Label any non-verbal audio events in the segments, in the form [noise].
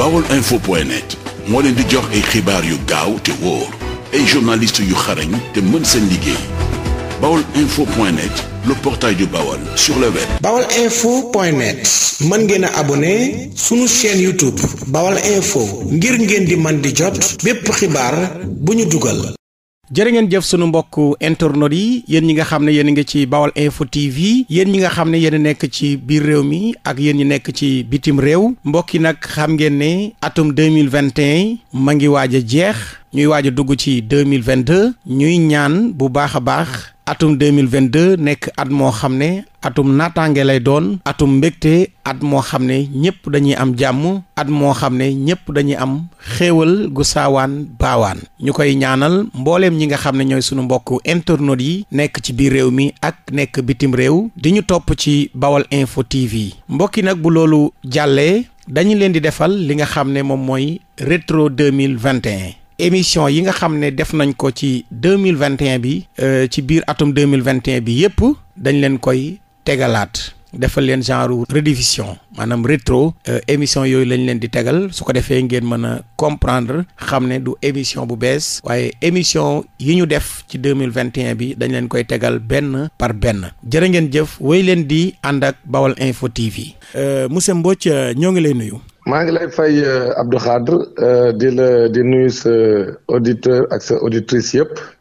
bawol info point net moo leen di jox xibaar yu gaaw te wóor yu xarañ te mën seen liggéey bawol info point net le portail du Baol sur le web. Baol info point net mën ngeen a abonné sunu chaîne YouTube Baol info ngir ngeen di man di jot bépp xibaar bu ñu dugal. jërë ngeen jëf sunu mbokk internautes yi yéen ñi nga xam ne yéen a nga ci Bawal Info TV yéen ñi nga xam ne yéen a nekk ci biir réew mi ak yéen ñi nekk ci bitim réew mbokk yi nag xam ngeen ne atum deux mille vingt et un ma ngi waaj a jeex ñuy waaj a dugg ci deux mille vingt deux ñuy ñaan bu baax a baax atum deux mille vingt deux nekk at moo xam ne atum naataange lay doon atum mbégte at moo xam ne ñëpp dañuy am jàmm at moo xam ne ñëpp dañuy am xéewal gu saawaan baawaan ñu koy ñaanal mbooleem ñi nga xam ne ñooy sunu mbokk internautes yi nekk ci biir réew mi ak nekk bitim réew di ñu topp ci Bawal Info TV mbokki nag bu loolu jàllee dañu leen di defal li nga xam ne moom mooy rétro 2021 émission yi nga xam ne def nañ ko ci 2021 bi euh, ci biir atum 2021 bi yépp dañ leen koy tegalaat defal leen genre rediffusion maanaam rétro euh, émission yooyu lañ leen di tegal su ko defee ngeen mën a comprendre xam ne du émission bu bees waaye émission yi ñu def ci deux mille vingt et un bi dañ leen koy tegal benn par benn jërë ngeen jëf woy leen di ànd ak Bawal Info TV. Euh, monsieur Mbodj euh, ñoo ngi lay nuyu. maa ngi lay fay Abdou Khadre di la di nuyu sa auditeur ak sa auditrice yëpp.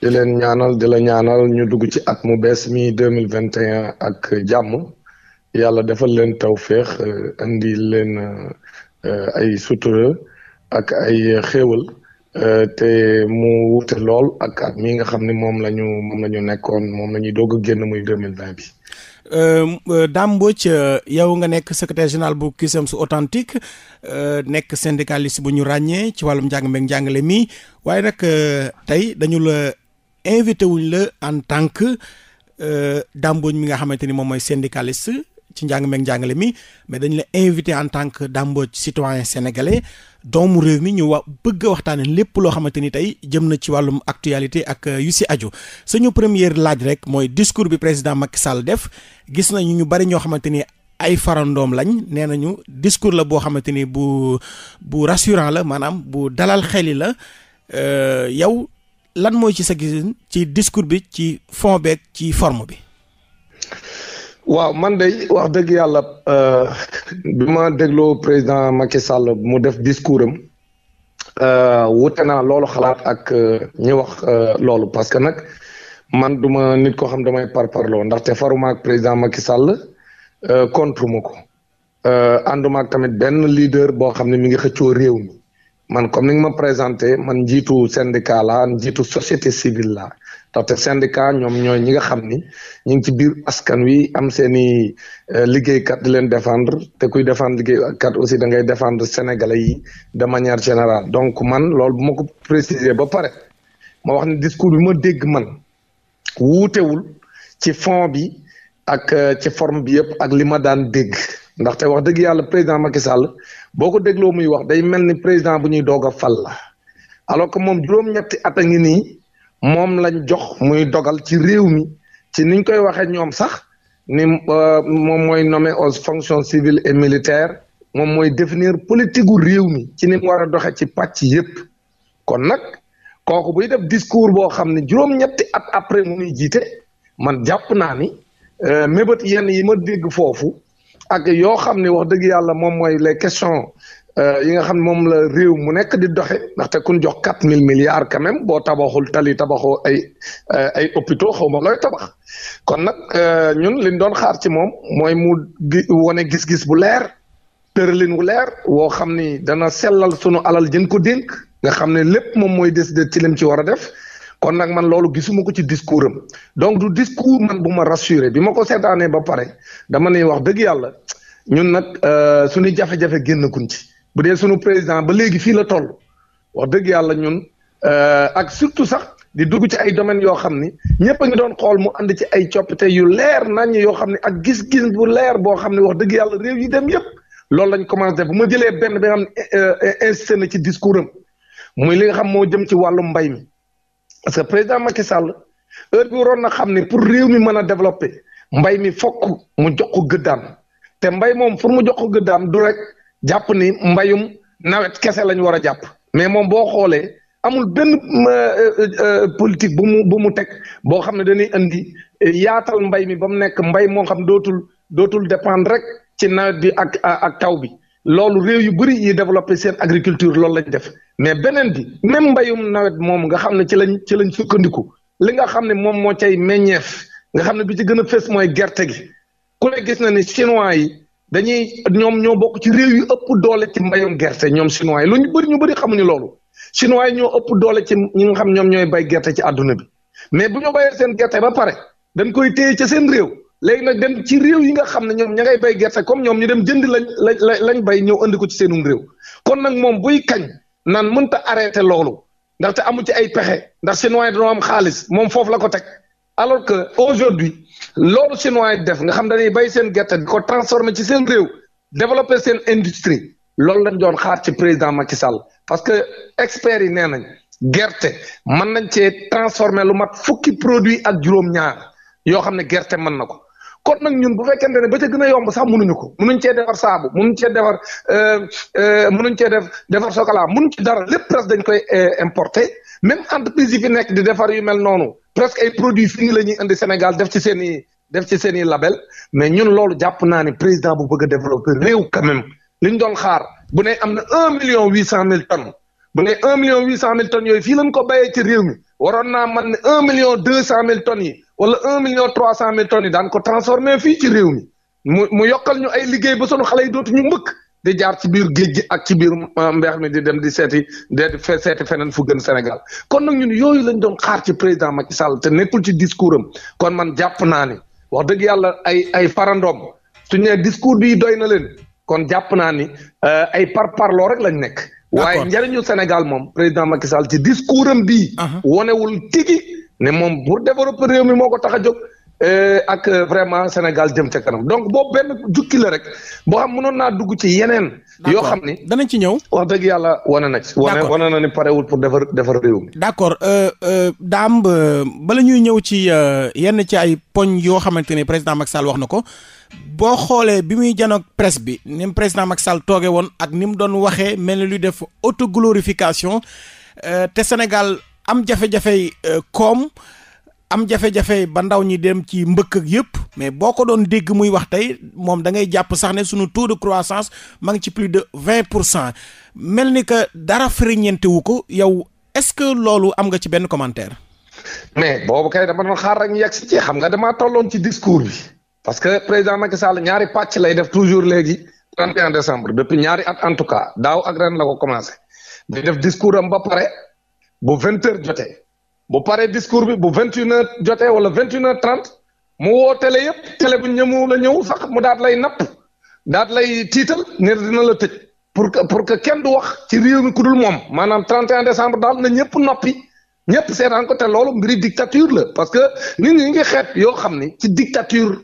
di leen ñaanal di la ñaanal ñu dugg ci at mu bees mi deux mille vingt ak jàmm yàlla defal leen tawféex euh, indi leen euh, ay sutura ak ay xéewal euh, te mu wuute lool ak at mi nga xam ne moom la ñu moom nekkoon moom la ñuy doog a génn muy deux mille vingt bi. Dame Mbodj yow nga nekk secrétaire général bu CUSEMS authentique nekk syndicaliste bu ñu ràññee ci wàllum njàng meeg njàngale mii waaye nag tey dañu la invité wuñ la en tant que euh, Dame Mbodj mi nga xamante ni moom mooy syndicaliste ci njàng meeg mi mais dañ la invité en tan que Dame Mbodj citoyen sénégalais doomu réew mi ñu wa bëgg a waxtaane lépp loo xamante ni tey jëm na ci wàllum actualité ak euh, yu si aju suñu première laaj rek mooy discours bi président Macky Sall def gis nañu ñu bari ñoo xamante ni ay farandoom lañ nee nañu discours la boo xamante ni bu bu rassurant la maanaam bu dalal xeli la euh, yow lan mooy ci sa ci discours bi ci fond beeg ci forme bi. waaw man de wax dëgg yàlla euh, bi ma dégloo président Macky Sall mu def discours am euh, wute naa loolu xalaat ak euh, ñi wax loolu parce que nag man duma nit koo xam damay parparloo ndaxte faruma ak président Macky Sall contre ma ko ànduma ak tamit benn leader boo xam ne mu ngi xëccoo réew mi. man comme ni nga ma présenté man njiitu syndicat la njiitu société civile la ndaxte syndicat ñoom ñooy ñi nga xam ni ñu ngi ci biir askan wi am seen i euh, liggéeykat leen défendre te kuy défendre liggéeykat aussi da ngay défendre sénégalais yi de manière générale donc man loolu bu ma ko préciser ba pare ma wax ne discours bi ma dégg man wuutewul ci fond bi ak euh, ci forme bi yëpp ak li ma daan dégg ndaxte wax dëgg yàlla président Macky Sall boo ko dégloo muy wax day mel ni président bu ñuy doog a fal la alors que moom juróom-ñetti at a ngi nii moom lañ jox muy dogal ci réew mi ci niñ koy waxee ñoom sax ni euh, moom mooy nommé aux fonctions civiles et militaire moom mooy définir politique gu réew mi ci ni mu war a doxe ci pàcc yépp kon nag kooku buy def discours boo xam ne juróom-ñetti at après mu jiite man jàpp naa ni euh, mébét yenn yi ma dégg foofu ak yoo xam ne wax dëgg yàlla moom mooy les questions euh, yi nga xam ne moom la réew mu nekk di doxe ndaxte kun jox quatre mille milliards quand même boo tabaxul tali tabaxoo ay euh, ay hôpitaux xaw ma looy tabax kon nag euh, ñun liñ doon xaar ci moom mooy mu wone gis-gis bu leer tëralin wu leer woo xam ni dana sellal sunu alal jën ku dénk nga xam ne lépp moom mooy décider ci lim ci war a def kon nag man loolu gisuma ko ci discours am donc du discours man bu ma rassuré bi ma ko seetaanee ba pare dama ne wax dëgg yàlla ñun nag euh, suñu jafe-jafe génn kuñ ci bu dee suñu président ba léegi fii la toll wax dëgg yàlla ñun euh, ak surtout sax di dugg ci ay domaines yoo xam ni ñëpp a ngi doon xool mu ànd ci ay coppite yu leer nañ yoo xam ne ak gis-gis bu leer boo xam ne wax dëgg yàlla réew yi dem yëpp loolu lañ commencé bu ma jëlee benn bi nga xam ne euh, na ci discours am muy li nga xam moo jëm ci wàllum mbay mi parce que président Macky Sall heure bi waroon na xam ne pour réew mi mën a développer mbay mi fokk mu jox ko te mbay moom pour mu jox ko gëddaam du rek jàpp ni mbayum nawet kese lañ war a jàpp mais moom boo xoolee amul benn euh, euh, euh, politique bu mu bu mu teg boo xam ne dañuy indi yaatal mbay mi ba mu nekk mbay moo xam dootul dootul dépendre rek ci nawet bi ak ak taw bi loolu réew yu bëri yi développé seen agriculture loolu lañ def mais beneen bi même mbayum nawet moom nga xam ne ci lañ ci lañ sukkandiku li nga xam ne moom moo cay meññeef nga xam ne bi ci gën a fës mooy gerte gi ku ne gis na ne chinois yi dañuy ñoom ñoo bokk ci réew yu ëpp doole ci mbayum gerte ñoom chinois yi lu ñu bëri ñu bëri xamuñu loolu chinois yi ñoo ëpp doole ci ñi nga xam ñoom ñooy bay gerte ci àdduna bi mais bu ñu bayee seen gerte ba pare dañ koy téye ca seen réew léegi nag dem ci réew yi nga xam ne ñoom ña ngay bay gerte comme ñoom ñu dem jënd lañ lañ lañ bay ñëw andi ko ci seenum réew kon nag moom buy kañ naan mën ta arrêté loolu ndaxte amu ci ay pexe ndax chinois yi dañoo am xaalis moom foofu la ko teg alors que aujourd'hui loolu chinois yi def nga xam dañuy bay seen gerte di ko transformer ci seen réew développer seen industrie loolu lañ doon xaar ci président Macky Sall parce que experts yi nee nañ gerte mën nañ cee transformer lu mat fukki produit ak juróom yoo xam ne gerte mën na ko. kon nag ñun bu fekkente ne ba ca gën a yomb sax mënuñu ko mënuñ cee defar saabu mënuñ cee defar euh, euh, mënuñ cee def defar chocolat mënuñ dara lépp presque dañ koy euh, importer même entreprise yi fi nekk di defar yu mel noonu presque ay produits fini la ñuy indi Sénégal def ci seen i def i label mais ñun loolu jàpp naa ne président bu bëgg a développer réew quand li ñu doon xaar bu ne am na un million huit cent mille tonnes bu ne un million huit cent mille tonnes yooyu fii lañ ko béyee ci réew mi waroon naa man ne un million deux cent mille tonnes yi wala un million trois cent mille tonnes yi daan ko transformé fii ci réew mi mu mu yokkal ñu ay liggéey ba sunu xale yi dootu ñu mbëkk di jaar ci biir géej gi ak ci biir euh, mbeex mi di dem di seeti di seeti feneen fu gën Sénégal kon nag ñun yooyu lañ doon xaar ci président Macky Sall te nekkul ci discours am kon man jàpp naa ni wax dëgg yàlla ay ay farandoom tu nee discours bi doy na leen kon jàpp naa ni euh, ay par parloo rek lañ nekk. waaye njëriñu Sénégal moom président Macky Sall ci discours am ne moom pour développer réew mi moo ko tax a jóg eh, ak eh, vraiment Sénégal jëm ca kanam donc boo benn jukki la rek boo xam mënoon naa dugg ci yeneen. yoo xam ni danañ ci ñëw. wax dëgg yàlla wane na ci. wane wane na ni parewul pour defar defar réew mi. d' accord euh, euh, daam euh, bala ñuy ñëw ci yenn ci ay poñ yoo xamante ni président Macky wax na ko boo xoolee bi muy janoog presse bi ni président Macky Sall tooge woon ak ni mu doon waxee mel ni luy def autoglorification te Sénégal. am jafe-jafey euh, koom am jafe-jafe ba ndaw ñi dem ci mbëkk ak yëpp mais boo ko doon dégg muy wax tey moom da ngay jàpp sax ne sunu taux de croissance ma ngi ci plus de vingt pour cent mel ni que dara firiñeente wu ko yow est-ce que loolu am nga ci benn commentaire. mais boobu kay dama doon xaar rek ñu yegg si ci xam nga damaa tolloon ci discours bi. parce que président Macky Sall ñaari pàcc lay def toujours léegi. 31 décembre depuis ñaari at en tout cas daaw ak ren la ko commencé. day def discours am ba pare. bu vingt heures jotee bu paree discours bi boo vingt une heures jotee wala vingt une heures trente mu woo télé yëpp télé bu ñëmu la ñëw sax mu daat lay napp daat lay tiital ne dina la tëj pour que pour que kenn du wax ci réew mi ku dul moom maanaam 31 décembre daal na ñëpp noppi ñëpp seetaan ko te loolu mbiri dictature la parce que nit ñi ngi xeet yoo xam ni ci dictature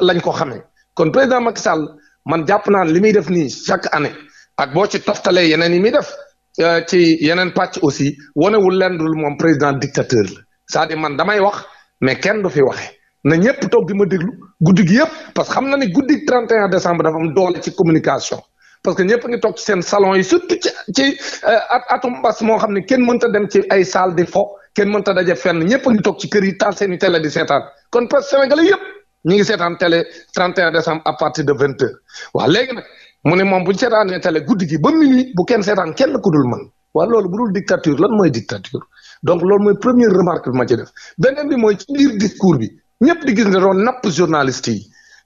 lañ ko xamee kon président Macky Sall man jàpp naa li muy def nii chaque année ak boo ci toftalee yeneen yi muy def Euh, ci yeneen pàcc aussi wanewul leen dul moom président dictateur la cest man damay wax mais kenn du fi waxe na ñëpp toog di ma déglu guddi gi yëpp parce que xam na ni guddi 31 décembre dafa am doole ci communication parce que ñëpp ngi toog ci seen salon yi surtout ci ci euh, atum moo xam ne kenn mënta dem ci ay salle di fo kenn mënta daje fenn ñëpp ngi toog ci kër yi taal seen i télé di seetaan kon presse sénégalais yëpp ñu ngi seetaan télé 31 décembre à partir de 20 heures léegi nag mu ne moom bu ñu seetaanee télé guddi gi ba minuit bu kenn seetaan kenn ku dul man waaw loolu bu dul dictature lan mooy dictature donc loolu mooy première remarque bi ma ci def beneen bi mooy ci biir discours bi ñëpp di gis ne doon napp journaliste yi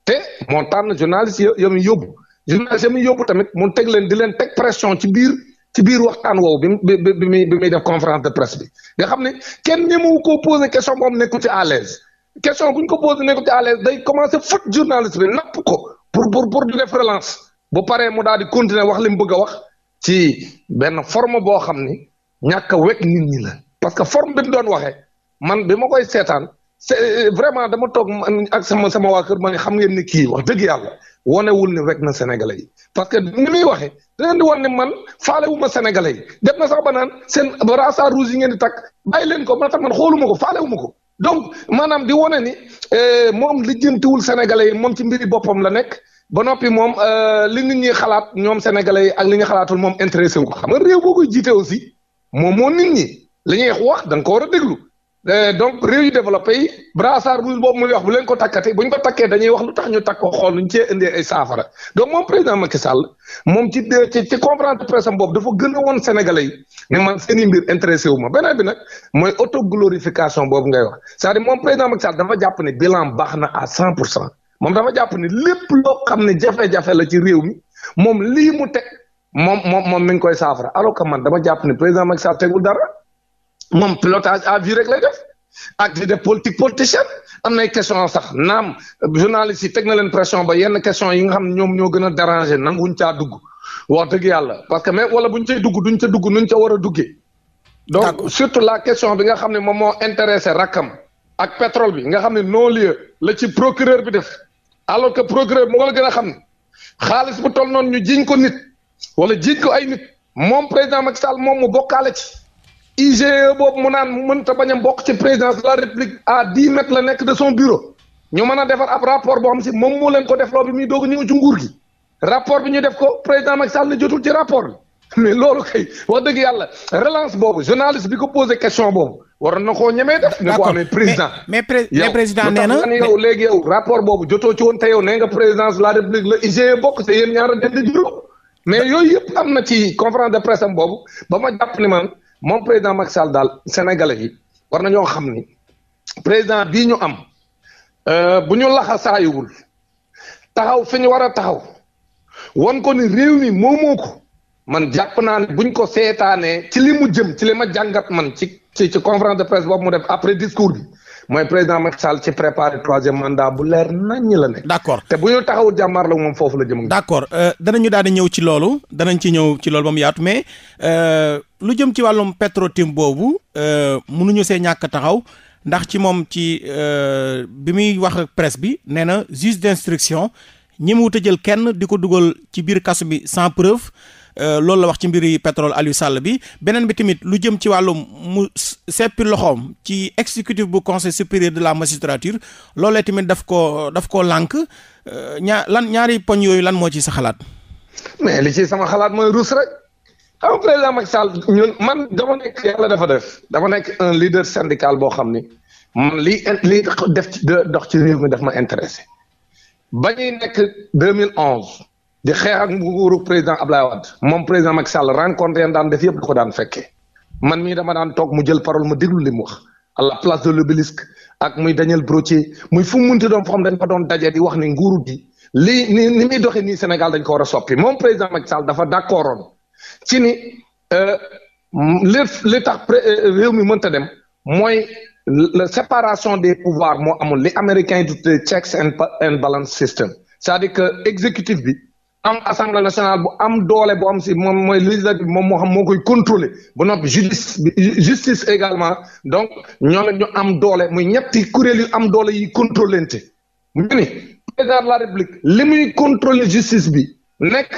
te moo tànn journaliste yo yo mu yóbbu journaliste yo mu yóbbu tamit mu teg leen di leen teg pression ci biir ci biir waxtaan woowu bi bi bi muy def conférence de presse bi nga xam ne kenn ñemewu ko posé question moom nekku ci à l'aise question bu ñu ko posé nekku ci à l'aise commencé fot journaliste bi napp ko pour pour pour di def relance bu paree mu daal di continuer wax li mu bëgg a wax ci benn forme boo xam ni ñàkk a wekk nit ñi la parce que form bi mu doon waxee man bi ma koy seetaan c'est vraiment dama toog ak sama sama waa kër ma ne xam ngeen ni kii wax dëgg yàlla wonewul ni wekk na sénégalais yi parce que ni muy waxee da di wan ni man faale wu ma sénégalais na sax ba naan seen brassard rouge yi ngeen di takk bàyyi leen ko man tax man xooluma ko faale wu ma ko donc maanaam di wane ni eh, moom lijjantiwul sénégalais yi moom ci mbiri boppam la nekk ba noppi moom euh, li nit ñi xalaat ñoom sénégalais yi ak li ñu xalaatul moom intéressé wu xam nga réew boo koy jiite aussi moom moo nit ñi li ñuy wax da ko war a déglu euh, donc réew yu développé yi brassard rouge boobu muy wax bu leen ko takkatee bu ñu ko takkee dañuy wax lu tax ñu takkoo xool nu ñu cee indee ay saafara donc moom président Macky Sall moom ci ci ci comprendre presse dafa gën a woon sénégalais yi man seeni mbir intéressé wu ma beneen bi nag mooy autoglorification boobu ngay wax cest à moom président Macky Sall dafa jàpp ne bilan baax na à cent cent moom dama jàpp ni lépp loo xam ne jafe-jafe la ci réew mi moom lii mu teg moom moom moom mi ngi koy saafara alors que man dama jàpp ni président Macky Sall tegul dara moom pilotage à vue rek lay def ak di def politique politicienne am nay question sax naam journaliste yi teg na leen pression ba yenn question yi nga xam ne ñoom ñoo gën a déranger nanguñ caa dugg wax dëgg yàlla parce que mais wala buñ cay dugg duñ ca dugg nuñ ca war a duggee. donc surtout la question bi nga xam ne moom moo intéressé rakkam ak pétrole bi nga xam ne non la ci procureur bi def. alors que procureur mu la gën a xam ne xaalis bu toll noonu ñu jiñ ko nit wala jiñ ko ay nit moom président Macky Sall moom mu bokkaale ci IGE boobu mu naan mu mënta bañ a bokk ci présidence la république à la nekk de son bureau ñu mën a defar ab rapport boo si moom moo leen ko def loo bi muy doog ñëw ci nguur gi rapport bi ñu def ko président Macky Sall ne jotul ci rapport bi mais loolu kay wax dëgg yàlla relance boobu journaliste bi ko posé question boobu waroon na koo ñemee def. ne ko président mais mais président nee na yow léegi yow rapport boobu jotoo ci woon te yow nee nga la république la IGE bokk te yéen ñaar a dem di mais yooyu yëpp am na ci conférence de presse am boobu ba ma jàpp ni man moom président Macky Sall daal sénégalais yi war nañoo xam ni président bii ñu am euh, bu ñu laxa saayuwul taxaw fi ñu war a taxaw wan ko ni réew mi moomoo man jàpp naa ne buñ ko seetaane ci li mu jëm ci li ma jàngat man ci ci ci de presse boobu mu def après discours bi mooy président Macky Sall ci préparé troisième mandat bu leer nañ la ne. d' te bu ñu taxawul jàmmaar la moom foofu la jëm. d' accord euh, danañu daal di ñëw ci loolu danañ ci ñëw ci loolu ba mu yaatu mais euh, lu jëm ci wàllum Petrotim boobu euh, mënuñu see ñàkk taxaw ndax ci moom ci bi muy wax ak bi nee na juge d' instruction ñi mu wuta jël kenn di ko dugal ci biir kaso bi sans preuve. Euh, loolu la wax ci mbiri pétrole Aliou Sall bi beneen bi tamit lu jëm ci wàllu mu seppi loxoom ci exécutif bu conseil supérieur de la magistrature loolee tamit daf ko daf koo lànk euh, ñaar lan ñaari poñ yooyu lan moo ci sa xalaat. mais li ci sama xalaat mooy ruus rek xam nga man dama nekk yàlla dafa def dama nekk un leader syndical boo xam ni man lii lii def ci dox ci réew mi daf ma intéressé ba ñuy nekk di xeex ak nguuru président Ablaye Wade moom président Macky Sall rencontre yan daan def yëpp da ko daan fekkee man mii dama daan toog mu jël parole ma déglu li mu wax a la place de l'obélisque ak muy Daniel Brottier muy fu mu munti doon foo xam dañ fa doon dajee di wax ni nguuru bi lii ni ni muy doxee nii Sénégal dañ ko war a soppi moom président Macky Sall dafa d'accord woon ci ni euh, li li tax euh, réew mi mënta dem mooy la séparation des pouvoirs moo amul li américain yi tuddee checks and balance system cest à bi. am assemblée nationale bu am doole bu am si moom mooy législative moom moo xam moo koy contrôler ba noppi justice justice également donc ñoom ñu am doole muy ñetti kuréel yu am doole yi contrôlente mu ni li muy contrôler justice bi nekk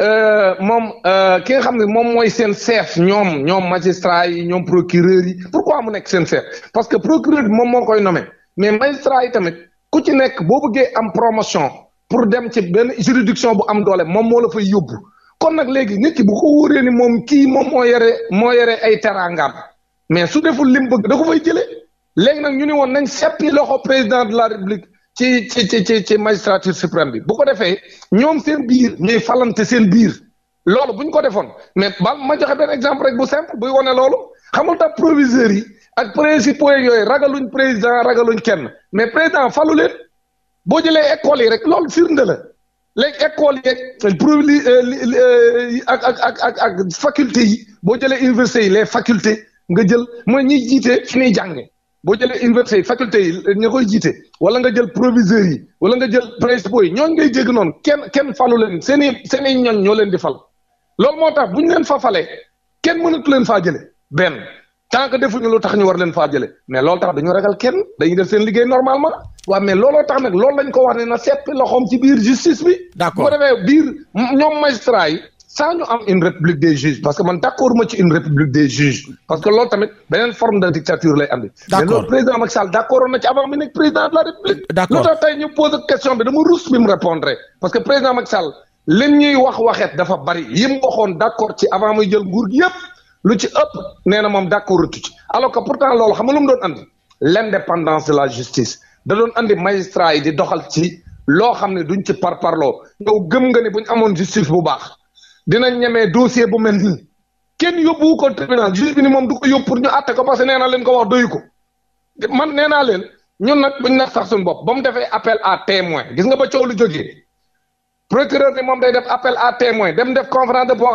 euh, moom euh, ki nga xam ne moom mooy seen chef ñoom ñoom magistrat yi ñoom procureur yi pourquoi mu nekk seen chef parce que procureur moom moo koy nommé mais magistrat yi tamit ku ci nekk boo bëggee am promotion pour dem ci benn juridiction bu am doole moom moo la fay yóbbu kon nag léegi nit ki bu ko wóoree moom kii moom moo yore moo yore ay teraangaam mais su deful lim bëgg da ko fay jëlee léegi nag ñu ni woon nañ seppi loxo président de la république ci ci ci ci ci magistrature suprême bi bu ko defee ñoom seen biir ñuy falante seen biir loolu bu ñu ko defoon mais bal ma joxe benn exemple rek bu simple buy wone loolu xamul tax proviseurs yi ak principaux yooyu ragaluñ président ragaluñ kenn boo jëlee école yi rek loolu firnde la léegi école yeeg provli euh, euh, ak ak ak ak ak faculté yi boo jëlee université yi les facultés nga jël mooy ñiy jiite fi ñuy jànge boo jëlee université yi faculté yi euh, ña koy jiite wala nga jël proviseurs yi wala nga jël principaux yi ñooñ ngay dégg noon kenn kenn falu leen seen i seen i ñoo leen di fal loolu moo tax bu ñu leen fa falee kenn mënatu leen faa jële benn tant que defuñu lu tax ñu war leen faa jële mais loolu tax dañu ragal kenn dañu def seen liggéey normalement waa mais looloo tax nag loolu lañ ko wax ne na seppi loxoom ci biir justice bi. d'accord bu defee biir ñoom magistrat yi. am une république des juges parce que man d'accord ma ci une république des juges parce que loolu tamit beneen forme de dictature lay andi. d'accord mais loolu président Macky Sall d'accord na ci avant mi nekk président de la république. d'accord lu tax tey ñu que président Macky Sall leen ñuy wax waxet dafa bari yi mu waxoon d'accord ci avant muy jël nguur gi lu ci nee na moom d'accord ci alors que pourtant loolu xam nga doon andi l'indépendance de la justice. da doon andi magistrat yi di doxal ci loo xam ne duñ ci par parparloo yow gëm nga ne buñ amoon justice bu baax dina ñemee dossier bu mel nii kenn yóbbu ko tribunal juge bi ni moom du ko yóbbu pour ñu àtte ko parce que nee naa leen ko wax doyu ko man nee naa leen ñun nag buñ nax sax suñu bopp ba mu defee appel à témoin gis nga ba coow lu jógee procureur bi moom day def appel à témoin dem def conférence de boo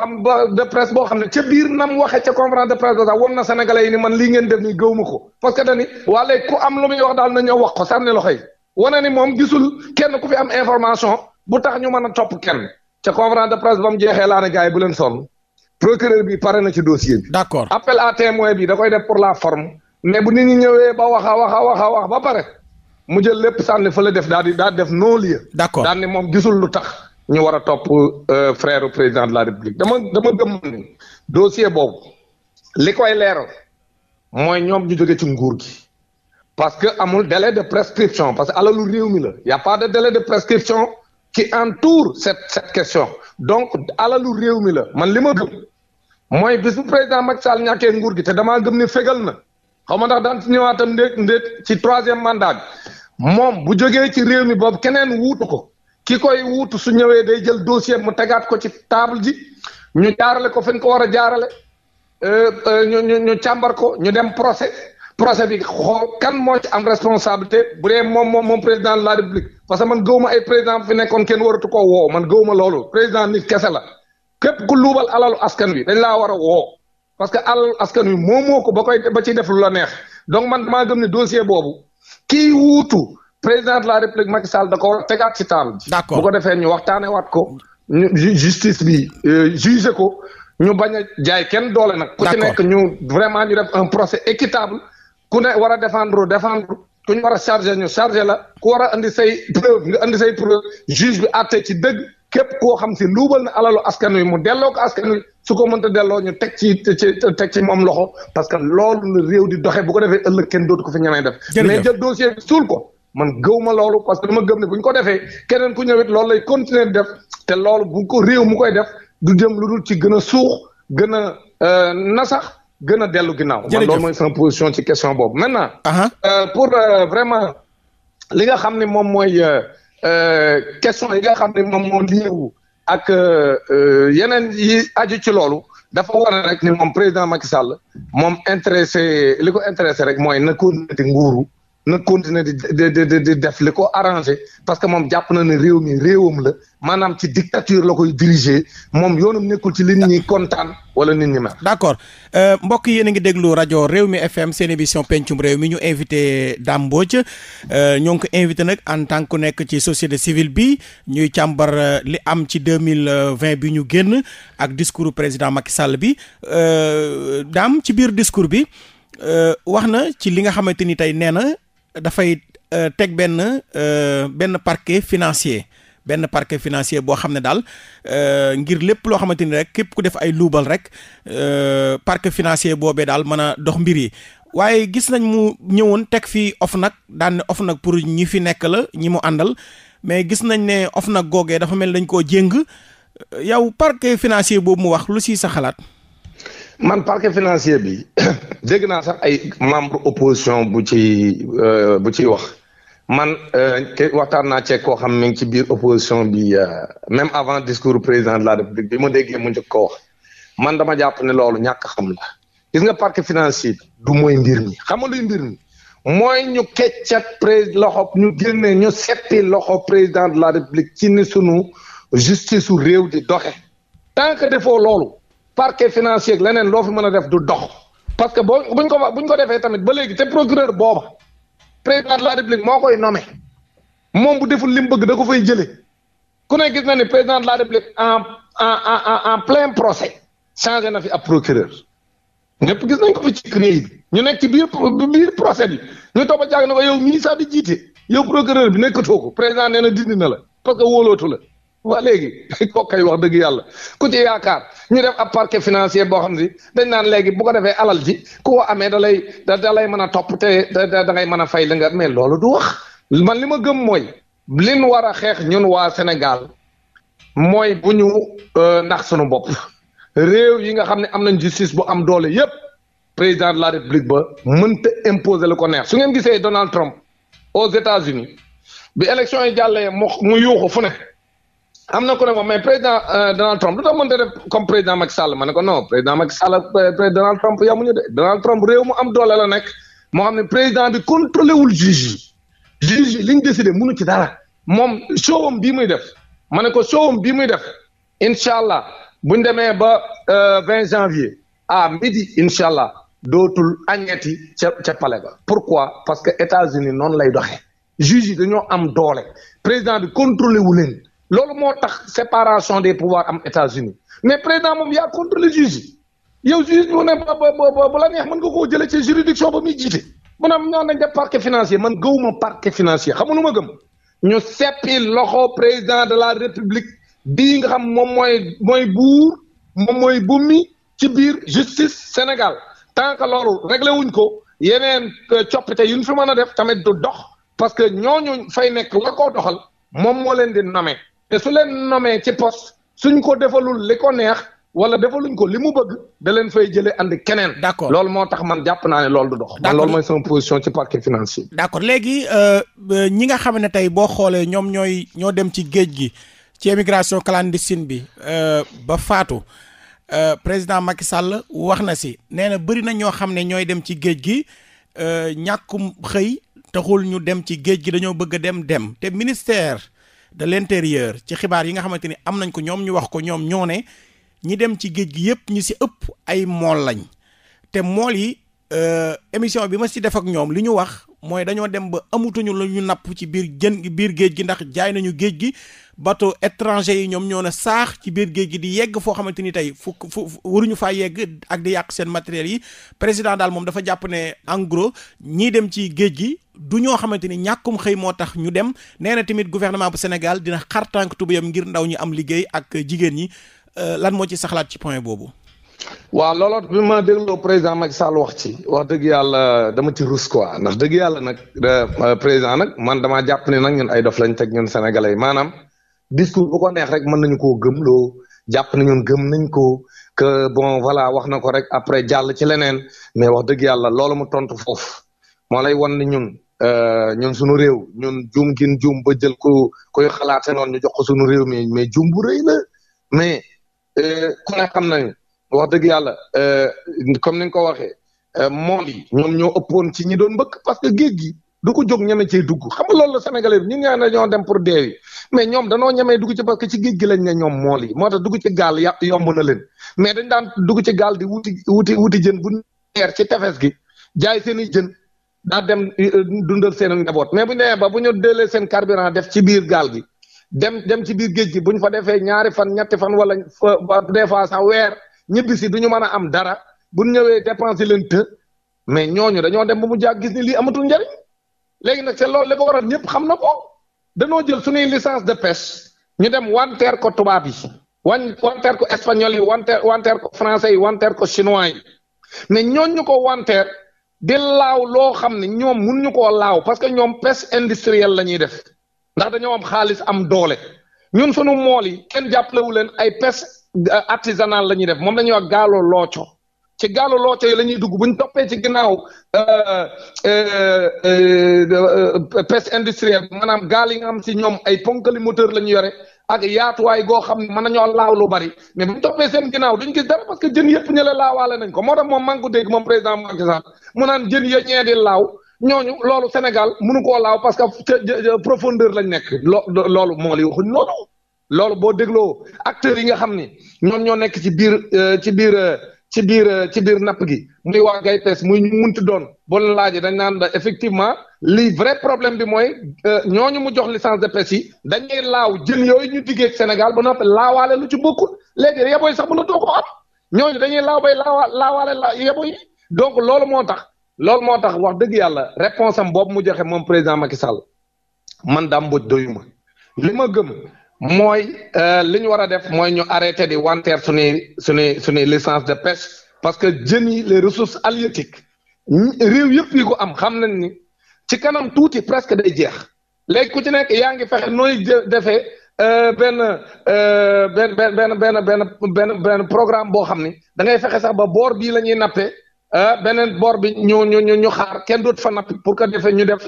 de presse boo xam ne ca biir nam waxee ca conférence de presse ba sax woon na sénégalais ni man lii ngeen def nii gëw ko parce que dañi waa ku am lu muy wax daal na ñëw wax ko sànni loxo yi ni moom gisul kenn ku fi am information bu tax ñu mën a topp kenn ca conférence de presse ba mu jeexee laa ne gars yi bu leen sonn procureur bi pare na ci dossier bi. d'accord appel à témoin bi da koy def pour la forme a wax a jël lépp sànni fa la def daal di daal def non lieu. d'accord ni moom gisul lu tax. ñu war a topp euh, frère président de la république dama dama gëm ne dossier boobu li koy leeral mooy ñoom ñu jóge ci nguur gi parce que amul délai de prescription parce que lu réew mi la y a pas de délai de prescription qui entoure cette cette question donc alalu réew mi la man li ma gëm mooy bis bu président Macky Sall ñàkkee nguur gi te damaa gëm ni fégal na xaw ma ndax daan ci ñëwaatam ndéet ndéet ci troisième mandat moom bu jógee ci réew mi boobu keneen wuutu ko ki koy wuutu su ñëwee day jël dossier mu tegaat ko ci table ji ñu jaarale ko fi ñu ko war a jaarale euh, euh, ñu ñu ñu càmbar ko ñu dem procès procès bi kan moo ci am responsabilité bu dee moom moom moom président de la république parce que man gëwuma ay président fi nekkoon kenn waratu ko woo man gëwuma loolu président ni kese la képp ku luubal alalu askan wi dañ laa war a woo parce que alalu askan wi moom ko ba koy ba ciy def lu la neex donc man damaa gëm ne dossier boobu kii wuutu. président de la république Macky sale da ko war a ci table ji. bu ko defee ñu waxtaanee waat ko ñu justice bi euh, juge ko ñu bañ a jaay kenn doole nag. ku ci nekk ñu vraiment ñu def un procès équitable ku ne war a défendre défendre. ku ñu war a chargé ñu chargé la ku war a andi say preuve say preuve juge bi atte ci dëgg képp koo xam si luubal na alalu askan wi mu delloo ko askan wi su ko mënta delloo ñu tek ci tek ci moom loxo parce que loolu la réew di doxe bu ko defee ëllëg kenn dootu ko fi ñemee def mais jël dossier ko man gëw ma loolu parce que dama gëm ne bu ñu ko defee keneen ku ñëwit loolu lay continuer def te loolu bu ko réew mu koy def du jëm lu dul ci gën a suux gën a euh, nasax gën a dellu ginnaaw. man loolu mooy sama position ci question boobu maintenant. Euh, pour euh, vraiment li nga xam ne moom mooy question yi nga xam ne moom moo liiwu ak yeneen yi aju ci loolu. dafa war rek ni moom président Macky Sall moom intéressé li ko intéressé rek mooy na continuer di nguuru na continuer di di def li ko arrangé parce que moom jàpp na ne réew mi réewam la maanaam ci dictature la koy diriger moom yoonam nekkul ci li nit ñi kontaan wala nit ñi mer. d' accord euh, mbokk yéen a ngi déglu rajo réew mi FM seen émission pencum réew mi ñu invité Dame Mbodj euh, ñoo ngi invité nag en tant ku nekk ci société civile bi ñuy càmbar euh, li am ci deux mille vingt bi ñu génn ak discours président Macky Sall bi Dame ci biir discours bi wax na ci li nga xamante ni tey nee na. dafay euh, teg benn euh, benn parquet financier benn parquet financier boo xam ne daal euh, ngir lépp loo xamante ni rek képp ku def ay luubal rek parquet financier boobee daal mën a dox mbir yi waaye gis nañ mu ñëwoon teg fii OFNAC daan ne OFNAC pour ñi fi nekk la ñi mu àndal mais gis nañ ne OFNAC googee dafa mel dañ koo jéng yow parquet financier boobu mu wax lu si sa xalaat. man parquet financier bi [coughs] dégg naa sax ay membre opposition bu ci euh, bu ciy wax man euh, waxtaan naa ceeg koo xam mi ngi ci biir opposition bi euh, même avant discours président de la république bi ma déggee mu njëkk ko wax man dama jàpp ne loolu ñàkk xam la gis nga parquet financier du mooy mbir mi xam nga luy mbir mi mooy ñu keccat pré loxo ñu génne ñu seppi loxo président de la république ci ni sunu justice su réew di doxe tant que defoo loolu parquet financier ak leneen loo fi mën a def du dox parce que boo buñ ko buñ ko defee tamit ba léegi te procureur booba président de la république moo koy nommé moom bu deful li mu bëgg da ko fay jëlee ku ne gis na ni président de la république en en en en plein procès changé na fi ab procureur ñëpp gis nañ ko fi ci CREI bi ñu nekk ci biir biir procès bi ñu toog a jàng na ko yow mii sax di jiite yow procureur bi nekkatoo ko président nee na dindi na la parce que wóolootu la. waa léegi [laughs] kooku kay wax dëgg yàlla ku ci yaakaar ñu def ab parquet financier boo xam ne dañ naan léegi bu ko defee alal ji ku ko amee da lay da lay mën a topp te da ngay mën a fay li nga mais loolu du wax man li ma gëm mooy liñ war a xeex ñun waa Sénégal mooy bu ñu euh, ndax sunu bopp réew yi nga xam ne am nañ justice bu am doole yépp président de la république ba mënta imposer lu ko neex su ngeen gisee Donald Trump aux États-Unis bi élection yi jàllee mu yuuxu fu ne. am na ko ne moom mais président euh, Donald Trump lu tax mënta def comme président Macky Sall ma ne ko non président Macky Sall ak euh, président Donald Trump yamuñu de Donald Trump réew mu am doole la nekk moo xam ne président bi contrôlé wul juge yi juge yi li ñu ci dara moom showam bii muy def ma ne ko showam bii muy def incha allah buñ demee ba 20 euh, janvier à midi incha allah dootul añeeti ca ca palais ba pourquoi parce que États-Unis noonu lay doxee juge yi dañoo am doole président bi contrôlé wu leen loolu moo tax séparation des pouvoirs am États-Unis mais président moom yaa contre le yow juge bu ne ba ba ba nga koo jëlee ci juridiction ba muy jiite mu ne ñoo nañ def parquet financier man gëwuma parquet financier xam nu ma gëm ñu seppi loxo président de la république bii nga xam moom mooy mooy buur moom mooy bummi ci biir justice Sénégal tant que loolu réglé wuñ ko yeneen euh, coppite yu ñu fi mën a def tamit du dox parce que ñooñu fay nekk war koo doxal moom moo leen di nommer te su leen nomee ci poste suñ ko defalul li ko neex wala defaluñ ko li mu bëgg da leen fay jëlee andi keneen. d' accord loolu moo tax man jàpp naa ne loolu du dox. d' accord man loolu mooy sama position ci parquet financier. d' léegi euh, ñi nga xam ne tey boo xoolee ñoom ñooy ñoo dem ci géej gi ci émigration clandestine bi euh, ba faatu euh, président Macky Sall wax na si nee na bëri na ñoo xam ne ñooy dem ci géej gi ñàkkum xëy taxul ñu dem ci géej gi dañoo bëgg a dem dem te ministère. de l'intérieur ci xibaar yi nga xamante ni am nañ ko ñoom ñu wax ko ñoom ñoo ne ñi dem ci géej gi yëpp ñi si ëpp ay mool lañ te mool yi euh, émission bi ma si def ak ñoom li ñu wax mooy dañoo dem ba amutuñu lu ñu napp ci biir jën biir géej gi ndax jaay nañu géej gi bateau étranger yi ñoom ñoo ne saax ci biir géej gi di yegg foo xamante ni tey fukk fu waruñu faa yegg ak di yàq seen matériel yi président daal moom dafa jàpp ne en gros dem ci géej gi du ñoo xamante ni ñàkkum xëy moo tax ñu dem nee na tamit gouvernement bu Sénégal dina xar tànk tubéyam ngir ndaw ñu am liggéey ak jigéen ñi euh, lan moo ci saxlaat ci point boobu. waaw looloo bi ma dégloo président Macky Sall wax ci wax dëgg yàlla dama ci rus quoi ndax dëgg yàlla nag euh, président nag man damaa jàpp nag ñun ay dof lañ teg ñun sénégalais maanaam discours bu ko neex rek mën nañu koo loo jàpp ne ñun gëm nañ ko que bon voilà wax na ko rek après jàll ci leneen mais wax dëgg yàlla loolu mu tontu foofu moo lay wan ni ñun. Euh, ñun suñu réew ñun juum gin juum ba jël ko koy xalaate noonu ñu jox ko suñu réew mi mais juum bu rëy la mais euh, ku ne xam nañu wax dëgg yàlla euh, comme ni nga ko waxee mool yi ñoom ñoo ëppoon ci ñi doon mbëkk parce que géej gi du ko jóg ñeme cee dugg xam nga loolu la sénégalais ñu ngi naan ñoo dem pour deewi mais ñoom danoo ñemee dugg ci parce ci géej gi lañ ne ñoom mool yi moo tax dugg ci gaal yàq yomb na leen mais dañ daan dugg ci gaal di wuti wuti wuti jën bu neer ci tefes gi jaay seen i jën daa dem euh, dundal seen njaboot mais bu ñu demee ba bu ñu deelee seen carburant def ci biir gaal gi dem dem ci biir géej gi bu ñu fa defee ñaari fan ñetti fan wala des fois sax weer ñibbisi si du ñu mën a am dara bu ñëwee dépensé leen të mais ñooñu dañoo dem ba mu jàgg gis lii amatul njëriñ léegi nag c'est loolu li ko waral ñëpp xam na ko dañoo jël suñuy licence de pêche ñu dem wanteer ko tubaab yi wan wanteer ko espagnol yi wanteer wanteer ko français yi wanteer ko chinois yi mais ñooñu ko wanteer. di laaw loo xam ne ñoom mënuñu ko laaw parce que ñoom pêche industrielle la ñuy def ndax dañoo am xaalis am doole ñun sunu mool yi kenn jàppalewu leen ay pêche euh, artisanale la ñuy def moom la ñuy wax gaalo looco ci gaalo looco yi lañuy dugg bu ñu toppee ci ginnaaw euh, euh, pêche industrielle maanaam gaal yi nga xam si ñoom ay ponkali moteur la ñu yore ak yaatuwaay goo xam ne mën nañoo laaw lu bari mais bu ñu toppee seen ginnaaw duñ gis dara parce que jën yëpp ñële laawaale nañ ko moo tax moom maa ngi ko dégg moom président Macky mu naan jën ya ñee di laaw ñooñu loolu Sénégal mënu ko laaw parce que profondeur lañ nekk loo loolu moo li waxuñ loolu loolu boo dégloo acteurs yi nga xam ni ñoom ñoo nekk ci biir euh, ci biir euh, ci biir euh, ci biir napp gi muy waa GAIPES muy ñu munti doon boo laaj laajee dañ naan la effectivement li vrai problème bi mooy euh, ñooñu mu jox licence de pêche yi dañuy laaw jën yooyu ñu diggee Sénégal ba noppi laawaale lu ci bokkul léegi yebooy sax mënatoo ko am ñooñu dañuy laaw bay laawa laawaale la yebooy yi donc loolu moo tax loolu moo tax wax dëgg yàlla réponse am boobu mu joxe moom président Macky Sall man daam mboj doyuma li mooy euh, li ñu war a def mooy ñu arrêté di wanteer suñuy suñuy suñuy licence de pêche parce que jën yi les ressources halieutiques réew yëpp yi ko am xam nañ ni ci kanam tuuti presque day jeex léegi ku ci nekk yaa ngi fexe nooy defee euh, euh, benn benn benn benn benn benn benn programme boo xam ni da ngay fexe sax ba boor bii la ñuy nappe beneen boor bi ñu ñu ñu xaar kenn dootu fa napp pour que defee ñu def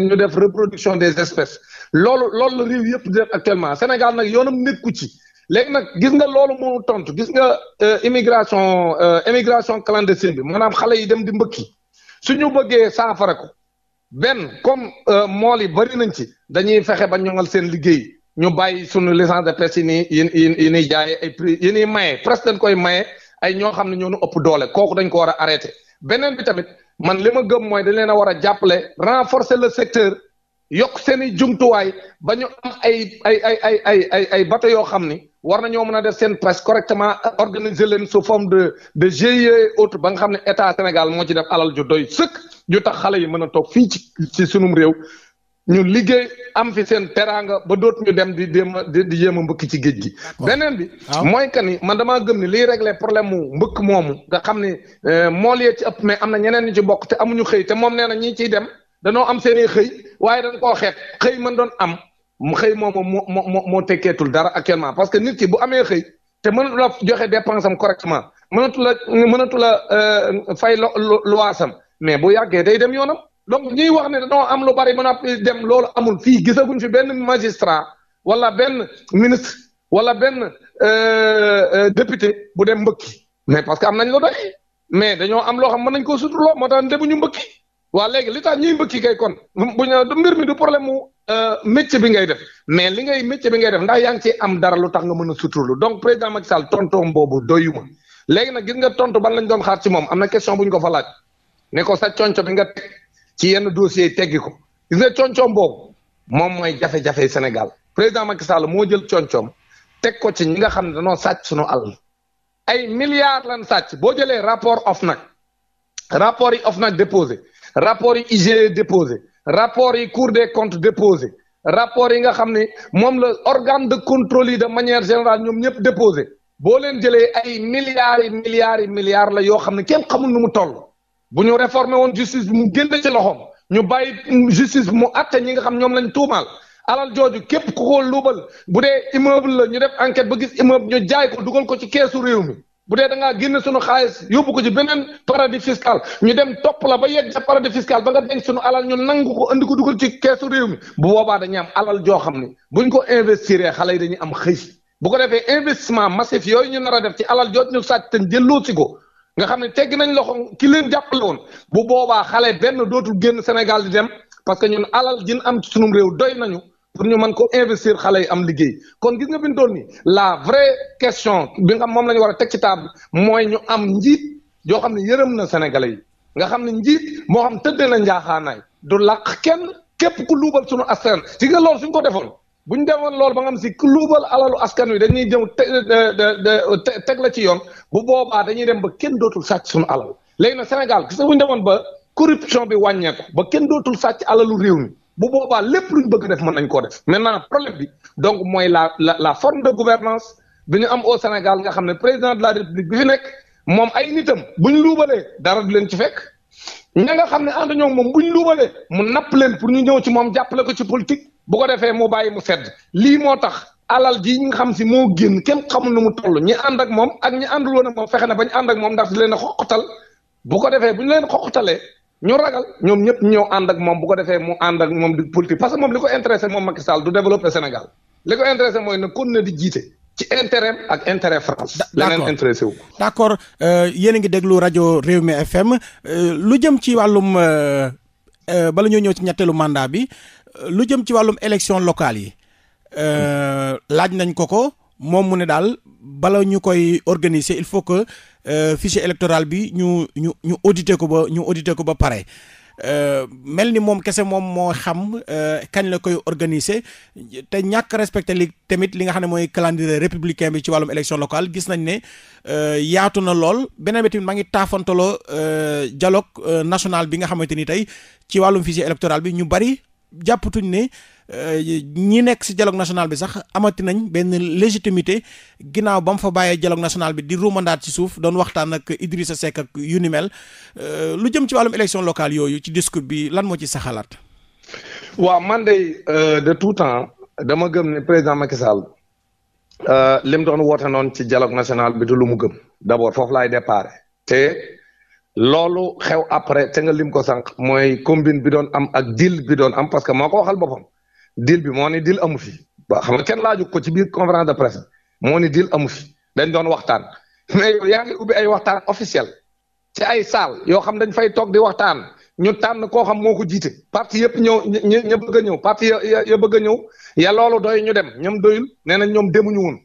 ñu def reproduction des espèces loolu loolu la réew yëpp di actuellement Sénégal nag yoonam nekku ci léegi nag gis nga loolu moo tontu gis nga euh, immigration euh, immigration clandestine bi maanaam xale yi dem di mbëkki ñu bëggee saafara ko benn comme euh, mool yi bëri nañ ci dañuy fexe ba ñoŋal seen liggéey ñu bàyyi suñu licence de pêche yi ni yi yi ñuy jaayee ay prix yi ñuy maye presque dañ koy maye ay ñoo xam ne ñoo nu ëpp doole kooku dañ ko war a arrêté beneen bi tamit man li ma gëm mooy dañ leen a war a jàppale renforcer le secteur. yokk seen i jumtuwaay ba ñu am ay ay ay ay ay ay ay bato yoo xam ni war nañoo mën a def seen presse correctement organiser leen sous forme de de GIE autre ba nga xam ne état Sénégal moo ci def alal ju doy sëkk ju tax xale yi mën a toog fii ci ci sunum réew ñu liggéey am fi seen teraanga ba doot ñu dem di dem di yéem a mbëkk ci géej gi. beneen bi. Ah. mooy que ni man damaa gëm ni liy régler problème mu mbëkk moomu nga xam ni euh, moo ci ëpp mais am na ñeneen ñu ci bokk te amuñu xëy moom nee na ñii ciy dem. danoo am seen xëy waaye dañ koo xeex xëy man doon am mu xëy moom moo moo moo tekkeetul dara actuellement parce que nit ki bu amee xëy te mënatu la joxe dépense am correctement mënatu la mënatu la euh, fay lo loisam mais bu yàggee day dem yoonam donc ñuy wax ne dañoo am lu bari mën dem loolu amul fii gisaguñ fi benn magistrat wala benn ministre wala benn euh, euh, député bu dem mbëkki mais parce que am nañ lu doy mais dañoo am loo xam mën nañ ko koo suturloo moo tax demuñu mbëkki. waa léegi li tax ñuy mbëkki kay kon bu ñu mbir mi du problème mu euh, métier bi ngay def mais li ngay métier bi ngay def ndax yaa ngi ci am dara lu tax nga mën a suturlu donc président Macky Sall tontoom boobu doyuma léegi nag gis nga tontu ban lañ doon xaar ci moom am na question bu ko fa laaj ne ko sa conco bi nga ci yenn dossiers yi teggi ko gis nga concoom boobu moom mooy jafe-jafe Sénégal président Macky Sall moo jël concoom teg ko ci ñi nga xam ne dañoo sàcc suñu àll ay milliards lan sàcc boo jëlee rapport OFNAC rapport yi OFNAC déposé rapport yi IGE déposé rapport yi Cour des comptes déposé rapport yi nga xam ne moom la organe de contrôle yi de manière générale ñoom ñëpp déposé boo leen jëlee ay milliards yi milliards yi milliards la yoo xam ne kenn xamul nu mu toll bu ñu réformé woon justice bu mu génn ci loxoom ñu bàyyi justice bi mu atte ñi nga xam ñoom lañ tuumaal alal jooju képp ko luubal bu dee immeuble la ñu def enquête ba gis immeuble ñu jaay ko dugal ko ci keesu réew mi bu dee da ngaa génne suñu xaalis yóbbu ko ci beneen paradis fiscal ñu dem topp la ba yegg sa paradis ba nga denc suñu alal ñu nangu ko andi ko ci keesu réew mi bu boobaa dañuy am alal joo xam ne buñ ko investiree xale yi dañuy am xëy bu ko defee investissement massif yooyu ñu nar a def ci alal jot ñu sàcc te jëlloo si ko nga xam ne teggi nañ loxo ki leen jàppale woon bu boobaa xale benn dootul génn Sénégal di dem parce que ñu alal jin am ci sunum réew doy nañu pour ñu mën ko investir xale yi am liggéey kon gis nga fi mu nii la vraie question bi nga xam moom la ñu war a teg ci table mooy ñu am njiit yoo xam ne yërëm na Sénégalais yi nga xam ne njiit moo xam tëddee na njaaxaanaay du làq kenn képp ku luubal suñu askan ci nga loolu suñ ko defoon bu ñu defoon loolu ba nga xam si ku luubal alalu askan wi dañuy jëm teg la ci yoon bu boobaa dañuy dem ba kenn dootul sàcc suñu alal léegi nag Sénégal gis nga bu ñu demoon ba corruption bi wàññeeku ba kenn dootul sàcc alalu réew mi. bu boobaa lépp lu ñu bëgg def mën nañ koo def maintenant problème bi donc mooy la la la forme de gouvernance bi ñu am au Sénégal nga xam ne président de la république bi fi nekk moom ay nitam bu ñu luubalee dara du leen ci fekk ña nga xam ne ànd ñoo moom bu ñu luubalee mu napp leen pour ñu ñëw ci moom jàppale ko ci politique bu ko defee mu bàyyi mu sedd lii moo tax alal ji ñi nga xam si moo génn kenn xamul nu mu toll ñi ànd ak moom ak ñi àndul woon ak moom fexe na ba ñu ànd ak moom ndax di leen a xoqatal bu ko defee bu ñu leen xoqatalee ñu ragal ñoom ñëpp ñëw ànd ak moom bu ko defee mu ànd ak moom di politique parce que moom li ko intéressé moom Macky Sall du développer Sénégal li ko intéressé mooy na continuer di jiite ci intérêt ak intérêt France. leneen intéressé wu. d' accord euh, yéen a ngi déglu rajo Rewmi FM euh, lu jëm ci wàllum euh, bala ñoo ñëw ci ñetteelu mandat bi lu jëm ci wàllum élection locale yi laaj nañ ko ko. moom mu ne daal bala ñu koy organiser il faut que euh, fichier électoral bi ñu ñu ñu auditer ko ba ñu auditer ko ba pare euh, mel ni moom kese moom moo xam euh, kañ la koy organiser te ñàkk respecté li tamit li nga xam ne mooy calendrier républicain bi ci wàllum élection locale gis nañ ne yaatu na lool beneen bi tamit ma ngi taafantaloo dialogue national bi nga xamante ni tey ci wàllum fichier électoral bi ñu bari jàppatuñ ne. Euh, ñi nekk si dialogue national bi sax amati nañ benn légitimité ginnaaw ba mu fa bàyyee dialogue national bi di ruumandaat ci suuf doon waxtaan ak Idrissa Seck ak yu ni mel euh, lu jëm ci wàllum élection locale yooyu ci discours bi lan moo ci saxalaat. waaw man de euh, de tout temps dama gëm ne président Macky Sall li mu doon woote noonu ci dialogue national bi du lu mu gëm d'abord foofu laay départ te loolu xew après te nga lim ko sànq mooy combine bi doon am ak deal bi doon am parce que moo ko waxal boppam. deal bi moo ni deal amu fi ba xam nga kenn laaju ko ci biir conférence de presse moo ni deal amu fi dañ doon waxtaan mais yow yaa ngi ubbi ay waxtaan officiel ci ay salle yoo xam dañ fay toog di waxtaan ñu tànn koo xam moo ko jiite parti yëpp ñëw ñu ñu bëgg ñëw parti ya bëgg ñëw ya loolu doy ñu dem ñoom doyul nee na ñoom demuñu woon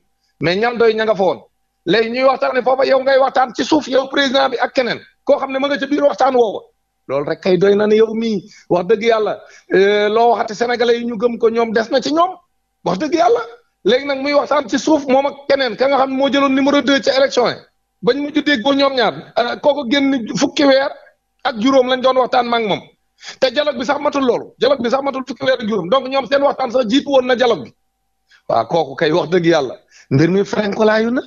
mais ñan doy ña nga fa woon léegi ñuy waxtaanee foofa yow ngay waxtaan ci suuf yow président bi ak keneen koo xam ne ma nga biir waxtaan woowa loolu rek kay doy na ne yow mii wax dëgg yàlla eh, loo waxati sénégalais yi ñu gëm ko ñoom des na ci ñoom wax dëgg yàlla léegi nag muy waxtaan ci suuf moom ak keneen ka nga xam ne moo jëloon numéro deux ci élection yi bañ mujj déggoo ñoom ñaar eh, kooku génn fukki weer ak juróom lañ doon waxtaan ma ak moom te dialogue bi sax matul loolu dialogue bi sax matul fukki weer ak juróom donc ñoom ten waxtaan sax jiitu woon na dialogue bi waaw kooku kay wax dëgg yàlla mbir mi frenkolaayu na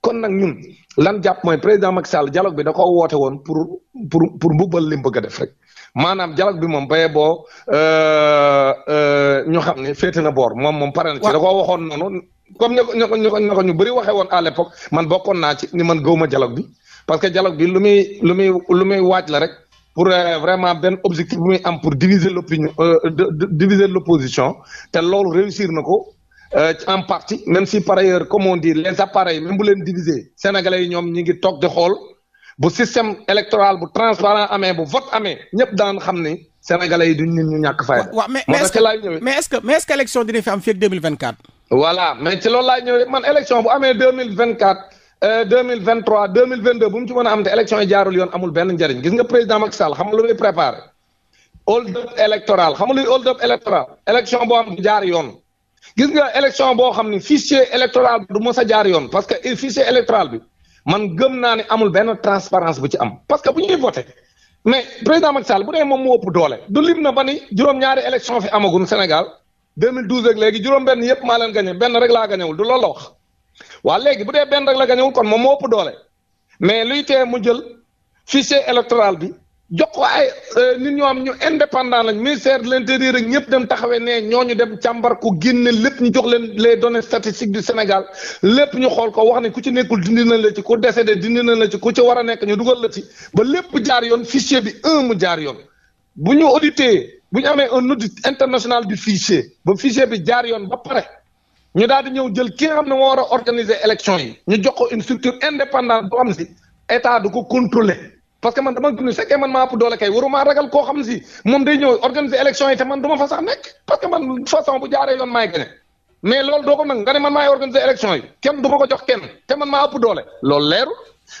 kon nag ñun lan jàpp mooy président mac Sall dialogue bi da ko woote woon pour pour pour mbubbal li mu bëgg a def rek maanaam dialogue bi moom baye boo euh, euh, ñu xam ne féete na boor moom moom pare na ci da koo waxoon noonu comme ñu ko ñu ko ñu ko ñu bëri waxee woon à l'époque man bokkoon naa ci ni man gëwuma dialogue bi parce que dialogue bi lu muy lu muy lu muy waaj la rek pour euh, vraiment benn objectif bu muy am pour diviser l'opinion diviser l'opposition te loolu réussir na ko euh, en partie même si par ailleurs comme on dit les appareils même bu leen diviser sénégalais yi ñoom ñi ngi toog di xool bu système électoral bu transparent amee bu vote amee ñëpp daan xam ni sénégalais yi duñ nit ñu ñàkk fayda. waaw mais est-ce que mais est-ce que mais est-ce que élection dina fi am fii ak 2024. voilà mais ci loolu bu amee euh, bu mu ci mën a am te élection yi jaarul yoon amul benn njëriñ gis nga président Macky Sall xam nga lu muy préparé. hold up électoral xam luy hold up électoral élection boo am jaar yoon. gis nga élection boo xam ne fichier électoral du mos a jaar yoon parce que fichier électoral bi man gëm naa ne amul benn transparence bu ci am parce que bu ñu ñuy voté mais président Macky Sall bu dee moom moo ëpp doole du lim na ba ni juróom-ñaari élection fi amagun Sénégal 2012 ak léegi juróom-benn yëpp maa leen gañe benn rek laa du lool la wax waa léegi bu dee benn rek la gañewul kon moom moo ëpp doole mais luy tee mu jël fichier électoral bi. jox ko ay euh, nit am ñu indépendant lañ ministère leen l' intérieur ak ñëpp dem taxawee ne ñooñu dem càmbar ko génne lépp ñu jox leen les données statistiques du Sénégal lépp ñu xool ko wax ne ku ci nekkul dindi na la ci ku décédé dindi na la ci ku ci war a nekk ñu dugal la ci ba lépp jaar yoon fichier bi un mu jaar yoon bu ñu audité bu ñu amee un audit international du fichier ba fichier bi jaar yoon ba pare ñu daal di ñëw jël ki xam ne moo war a organiser élection yi ñu jox une structure indépendante bu am si état du ko contrôler parce que man dama gën a sekkee man maa ëpp doole kay waruma ragal koo xam si moom day ñëw organiser élection yi te man du ma fa sax nekk parce que man façon bu jaaree yoon maay gagné mais loolu doo ko nag nga ne man maay organiser élection yi kenn du ma ko jox kenn te man maa ëpp doole loolu leeru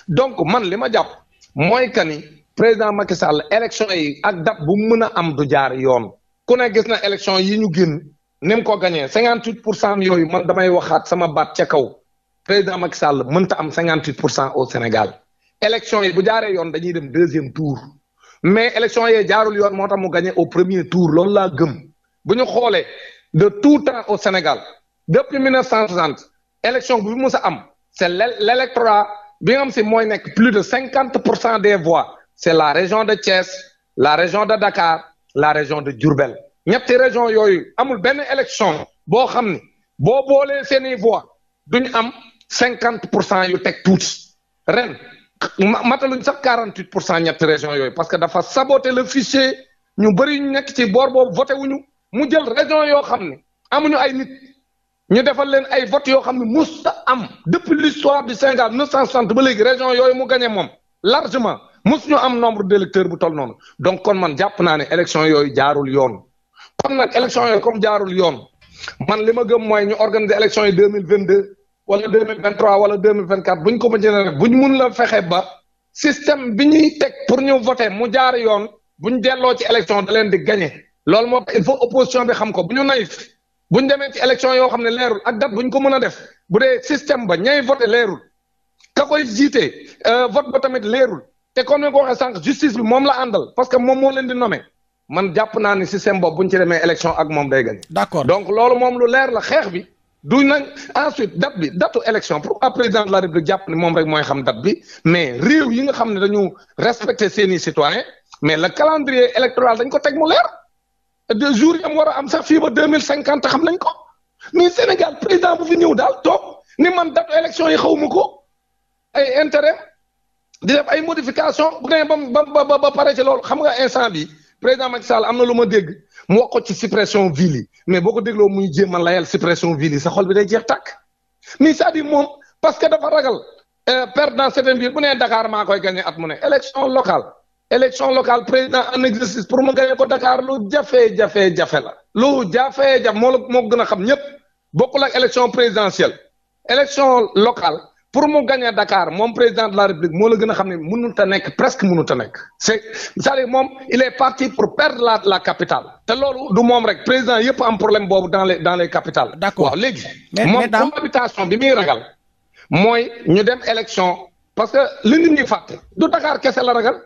donc man li ma jàpp mooy que ni président Macky Sall élection yi ak date bu mën a am du jaar yoon ku ne gis na élection yi ñu génn ni mu ko gagné 58 pour cent yooyu man damay waxaat sama baat ca kaw président Macky Sall mënta am 58 pour cent au Sénégal. élection yi bu jaaree yoon dañuy dem deuxième tour mais élection yee jaarul yoon moo tax mu gagné au premier tour loolu laa gëm bu ñu xoolee de tout temps au Sénégal depuis 1960 élection bu mu sa am c' est l' électorat bi am si mooy nekk plus de cinquante pour cent des voix c' est la région de Thiès la région de Dakar la région de Diourbel ñetti région yooyu amul benn élection boo xam ni boo boolee seeni du ñu am cinquante pour cent yu teg tous ren. mataluñ sax 48 pour cent ñetti région yooyu parce que dafa saboter le fichier ñu bëri ñu nekk ci boor boobu voté wuñu mu jël région yoo xam ne amuñu ay nit ñu defal leen ay vote yoo xam ne mus ta am depuis l'histoire du cent 1960 ba léegi région yooyu mu gagné moom largement mus ñu am nombre d'électeurs bu toll noonu donc kon man jàpp naa ne élection yooyu jaarul yoon kon nag élection yooyu comme jaarul yoon man li ma gëm mooy ñu organiser élection yi 2022 wala deux mille vingt trois wala deux mille vingt quatre bu ñu ko mënee rek ñu mun la fexe ba système bi ñuy teg pour ñu voter mu jaar yoon bu ñu delloo ci élection da leen di gagné loolu moom tax il faut opposition bi xam ko bu ñu naïf bu ñu demee ci élection yoo xam ne leerul ak date bu ñu ko mën a def bu dee système ba ñay voté leerul ka koy jiitee euh, vote ba tamit leerul te comme ni ko waxee sànq justice bi moom la àndal parce que moom moo leen di nommé man jàpp naa ni système boobu bu ñu ci demee élection ak moom day gagné. d'accord donc leer la xeex bi. du nag ensuite date bi datu élection pourquoi président de la république jàpp ne moom rek mooy xam date bi mais réew yi nga xam ne dañu respecté seeni citoyen mais la calendrier électoral dañ ko teg mu leer jour jours am war a am sax fii ba deux mille cinquante xam nañ ko mais Sénégal président bu fi ñëw daal toog ni man datu élection yi xawma ko ay intérêt di def ay modification bu ne ba ba ba pare ci loolu xam nga instant bi président Macky Sall am na lu ma dégg mu wax ko ci suppression ville mais boo ko dégloo muy jéem a layal suppression ville yi sa xol bi day jeex tàkk mais cest moom parce que dafa ragal euh, perdre dans certaines villes bu nee Dakar maa koy gagné at mu ne élection local élection local président en exercice pour mu gagné ko Dakar lu jafe-jafe la lu jafe-jafe moo la moo gën a xam ñëpp bokkul ak élection présidentielle élection locale pour mu gagné Dakar moom président de la République moo la gën a xam ne mënut a nekk presque mënut a nekk c'est c'est-à-dire moom il est parti pour perdre la la capitale te loolu du moom rek président yëpp am problème boobu dans les dans les capitales. d'accord waaw léegi. moom cohabitation bi mi ragal mooy ñu dem élection parce que li nit ñi fàtte du Dakar kese la ragal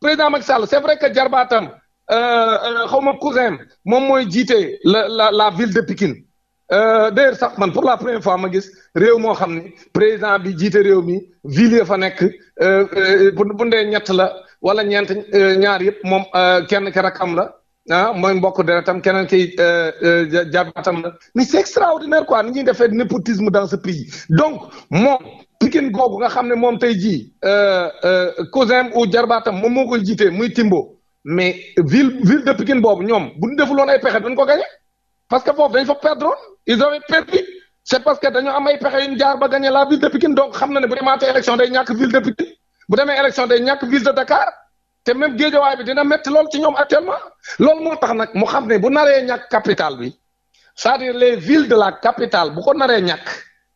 président Macky Sall c'est vrai que jarbaatam euh, euh, xaw ma cousin moom mooy jiite la la la ville de Pikine. Euh, d'ailleurs sax man pour la première fois ma gis réew moo xam ne président bi jiite réew mi ville fa nekk euh, euh, bu bu ndee ñett la wala ñeent ñaar yëpp moom kenn ki rakam la ah mooy mbokk deretam keneen kiy jabaatam la mais c'est extraordinaire quoi ni ñuy defee népotisme dans ce pays donc moom Pikine googu nga xam ne moom tey jii cousin ou jarbaatam moom moo koy jiitee muy Timbo mais ville ville de Pikine boobu ñoom bu ñu defuloon ay pexe dañ ko gañe parce que foofu dañ fa perdre ils avaient perdu c' parce que dañoo am ay pexe yu jaar ba gagné la ville de Pikine donc xam na ne bu demaatee élection day ñàkk ville de Pikine bu demee élection day ñàkk ville de Dakar te même géejawaay bi dina métti lool ci ñoom actuellement loolu moo tax nag mu xam ne bu naree ñàkk capitale bi cest les villes de la capitale bu ko naree ñàkk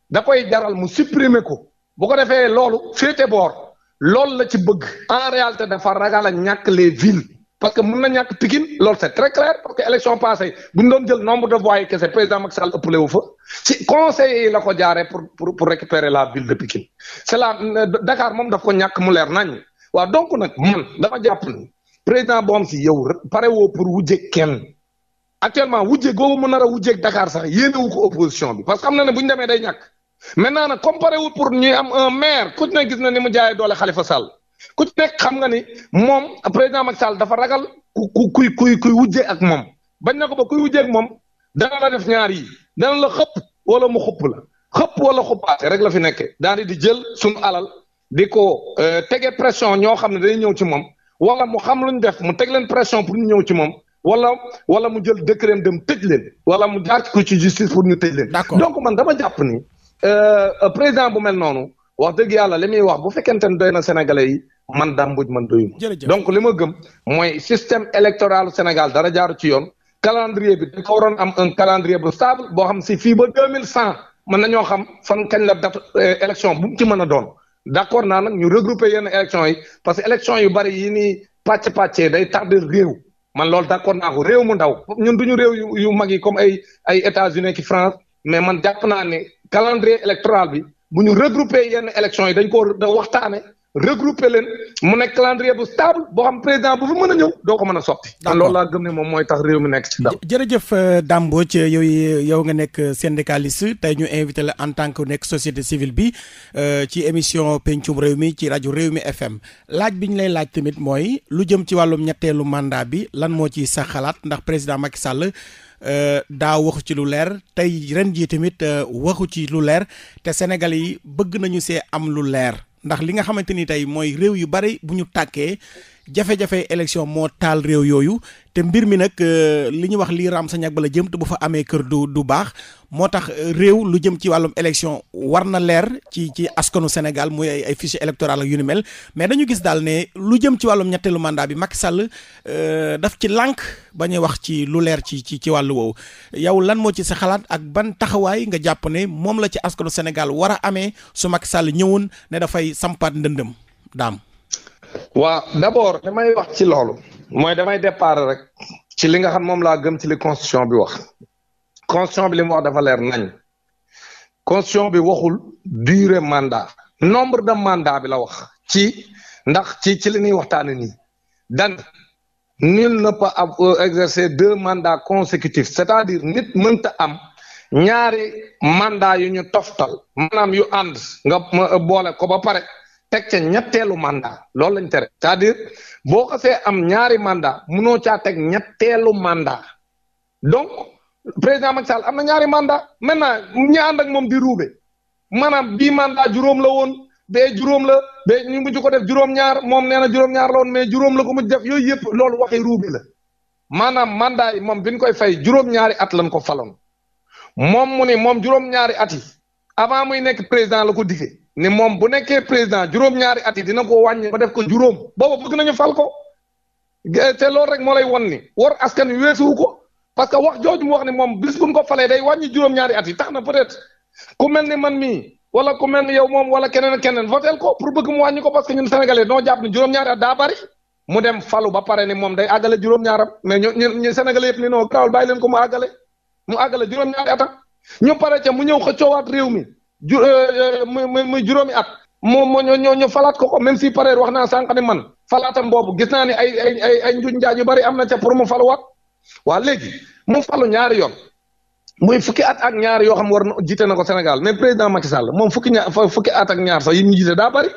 da koy jaral mu supprimer ko bu ko defee loolu féete boor loolu la ci bëgg en réalité de fa ragal a ñàkk les villes. parce que mun na ñàkk Pikine loolu c'est très clair parce que élection passée bu ñu jël nombre de voix yi kese président Macky Sall ëppale wu fa ci conseil yi la ko jaare pour pour pour récupérer la ville de Pikine c'est la euh, Dakar moom daf ko ñàkk mu leer nañ waaw donc nag man dama jàpp ni président boo xam si yow pare woo pour wujje kenn actuellement wujje googu mu nar a wujjeeg Dakar sax yéenewu ko opposition bi parce que xam na ne bu ñu demee day ñàkk maintenant nag comparé wu pour ñuy am un maire ku ne gis na doole Khalifa Sall. ku ci nekk xam nga ni moom président Macky Sall dafa ragal ku kuy kuy kuy wujje ak moom bañ na ko ba kuy wujje ak moom dana la def ñaar yi dana la xëpp wala mu xëpp la xëpp wala xëppaate rek la fi nekke daal di jël suñu alal di ko euh, tege pression ñoo xam ne day ñëw ci moom wala mu xam lu ñu def mu teg leen pression pour ñu ñëw ci moom wala wala mu jël décret dem tëj leen wala mu jaar ko ci justice pour ñu tëj leen. donc man dama jàpp ni euh, président bu mel noonu. wax dëgg yàlla li muy wax bu fekkente ne doy na sénégalais yi man Dame Mbodj man doyuma donc li ma gëm mooy système électoral Sénégal dara jaaru ci yoon calendrier bi dafa waroon am un calendrier bu stable boo xam si fii ba deux mille cent mën nañoo xam fan kañ la date euh, élection bu mu ci mën a doon d' accord naa nag ñu regrouper yenn élection yi parce que élection yu bari yi ni nii pàcc pàccee day tarder réew man loolu d' accord naa réew mu ndaw ñun duñu réew yu yu mag yi comme ay ay États-Unis ki France mais man jàpp naa ne calendrier électoral bi bu ñu regrouper yenn élection yi dañ ko waxtaane regrouper leen mu nekk calendrier bu stable boo xam président bu fi mën a ñëw doo ko mën a sotti. d' loolu laa gëm ne moom mooy tax réew mi nekk ci dal. jërëjëf euh, Dame Mbodj yow yow nga nekk syndicaliste tey ñu invité la en tant que nekk société civile bi euh, ci émission pencum réew mi ci rajo réew mi FM laaj bi ñu lay laaj tamit mooy lu jëm ci wàllum ñetteelu mandat bi lan moo ci sa xalaat ndax président Macky Sall. Euh, daa waxu ci lu leer tey ren jii tamit euh, waxu ci lu leer te Sénégal yi bëgg nañu see am lu leer ndax li nga xamante ni tey mooy réew yu bari bu ñu tàkkee jafe-jafe élection moo taal réew yooyu te mbir mi nag euh, li ñu wax lii raam sa ñag bala jëm te bu fa amee kër du du baax moo tax euh, réew lu jëm ci wàllum élection war na leer ci ci askanu Sénégal muy ay ay ak yu ni mel mais dañu gis daal ne lu jëm ci wàllum ñetteelu mandat bi Macky Sall euh, daf ci lànk ba ñuy wax ci lu leer ci ci ci wàllu woowu yow lan moo ci sa xalaat ak ban taxawaay nga jàpp ne moom la ci askanu Sénégal war a amee su Macky sàll ñëwoon ne dafay sampaat ndëndëm daam. waaw d'abord damay wax ci loolu mooy damay départ rek ci li nga xam moom laa gëm ci li constitution bi wax constitution bi li wax dafa leer nañ constitution bi waxul durée mandat nombre de mandat bi la wax ci ndax ci ci li ñuy waxtaane ni dan nul ne peut ab euh, exercer deux mandats consécutifs c'est-à-dire nit mënta am ñaari mandat yu ñu toftal maanaam yu ànd nga boole ko ba pare teg cee ñetteelu mandat loolu lañ tere c'est-à-dire boo xasee am ñaari mandat noo caa teg ñetteelu mandat donc président ma Sall am na ñaari mandat maintenant ñi ànd ak moom di ruube maanaam bii mandat juróom la woon bee juróom la bee ñu mu jukko def juróom-ñaar moom nee na juróom-ñaar la woon mais juróom la ko mu def yooyu yëpp loolu waxi ruube la maanaam mandat yi moom bi ñu fay juróom-ñaari at lañ ko faloon moom mu ni moom juróom-ñaari at yi avant muy nekk président la ko dige ne moom bu nekkee président juróom-ñaari at yi dina ko wàññi ba def ko juróom booba bëgg nañu fal ko te loolu rek moo lay won ni war askan wi weesuwu ko parce que wax jooju mu wax ne moom bis buñ ko falee day wàññi juróom-ñaari at yi tax na peut-être ku mel ni man mii wala ku mel ni yow moom wala keneen keneen votel ko pour bëgg mu wàññi ko parce que ñun sénégalais noo jàpp ni juróom-ñaari at daa bari mu dem falu ba pare ni moom day àggale juróom-ñaaram mais ñu ñu sénégalais yëpp ni noo garaawul leen ko mu àggale mu àggale juróom-ñaari atam ñu pare ca mu ñëw xëccoowaat réew mi ju euh, euh, muy muy juróomi at moo moo ñoo ñu falaat ko ko même si pareer wax naa sànq ne man falaata boobu gis naa ne ay ay ay ay njuñ njaaj bari am na ca pour mu wat waa léegi mu falu ñaari yoon muy fukki at ak ñaar yoo xam war na jiite na ko Sénégal mais président Macky moom fukki ñaar fukki at ak ñaar sax yi ñu jiite daa bari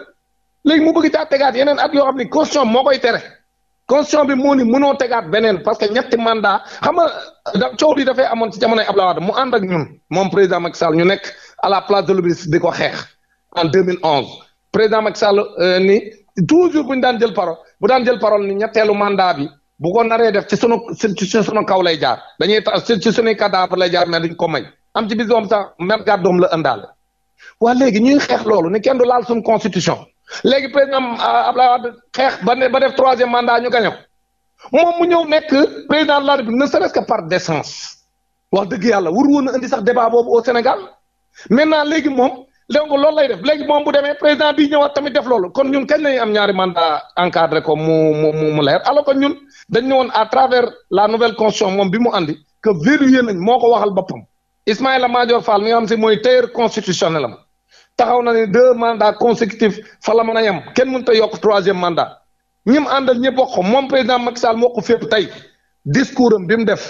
léegi mu bëgg caa tegaat yeneen at yoo xam ni constitution moo koy tere constitution bi moo ni mënoo tegaat beneen parce que ñetti mandat xam nga da coow li dafay amoon ci jamonoy Abdoulaye mu ànd ak moom président Macky ñu nekk. à la place de l'obélisque di ko xeex en 2011 président Macky Sall euh, ni toujours bu ñu daan jël parole bu daan jël parole ni ñetteelu mandat bi bu ko naree def ci sunu ci sunu kaw lay jaar dañuy tax ci sunuy cadavre lay jaar mais duñ ko may am ci bis doom sax même gàddoom la ëndaale waa léegi ñuy xeex loolu ni kenn du laal suñu constitution léegi président euh, Abdoulaye Wade xeex ba ne ba def troisième mandat ñu gañe ko moom mu ñëw nekk président de la République ne serait-ce que par décence wax dëgg yàlla wur woon na indi sax débat boobu au Sénégal maintenant léegi moom donc loolu lay def léegi moom bu demee président bi ñëwaat tamit def loolu kon ñun kañ lañuy am ñaari mandat encadré ko mu mu mu mu leer alors que ñun dañ ne woon à travers la nouvelle constitution moom bi mu andi que verrouillé nañ moo ko waxal boppam Ismaïla Madior Fall mi nga xam si mooy tailleur constitutionnel am taxaw na ne deux mandats consécutifs fa la mën a yem kenn mënut a yokk troisième mandat ñi mu àndal ñëpp wax ko moom président Macky Sall moo ko fépp tey discours am bi mu def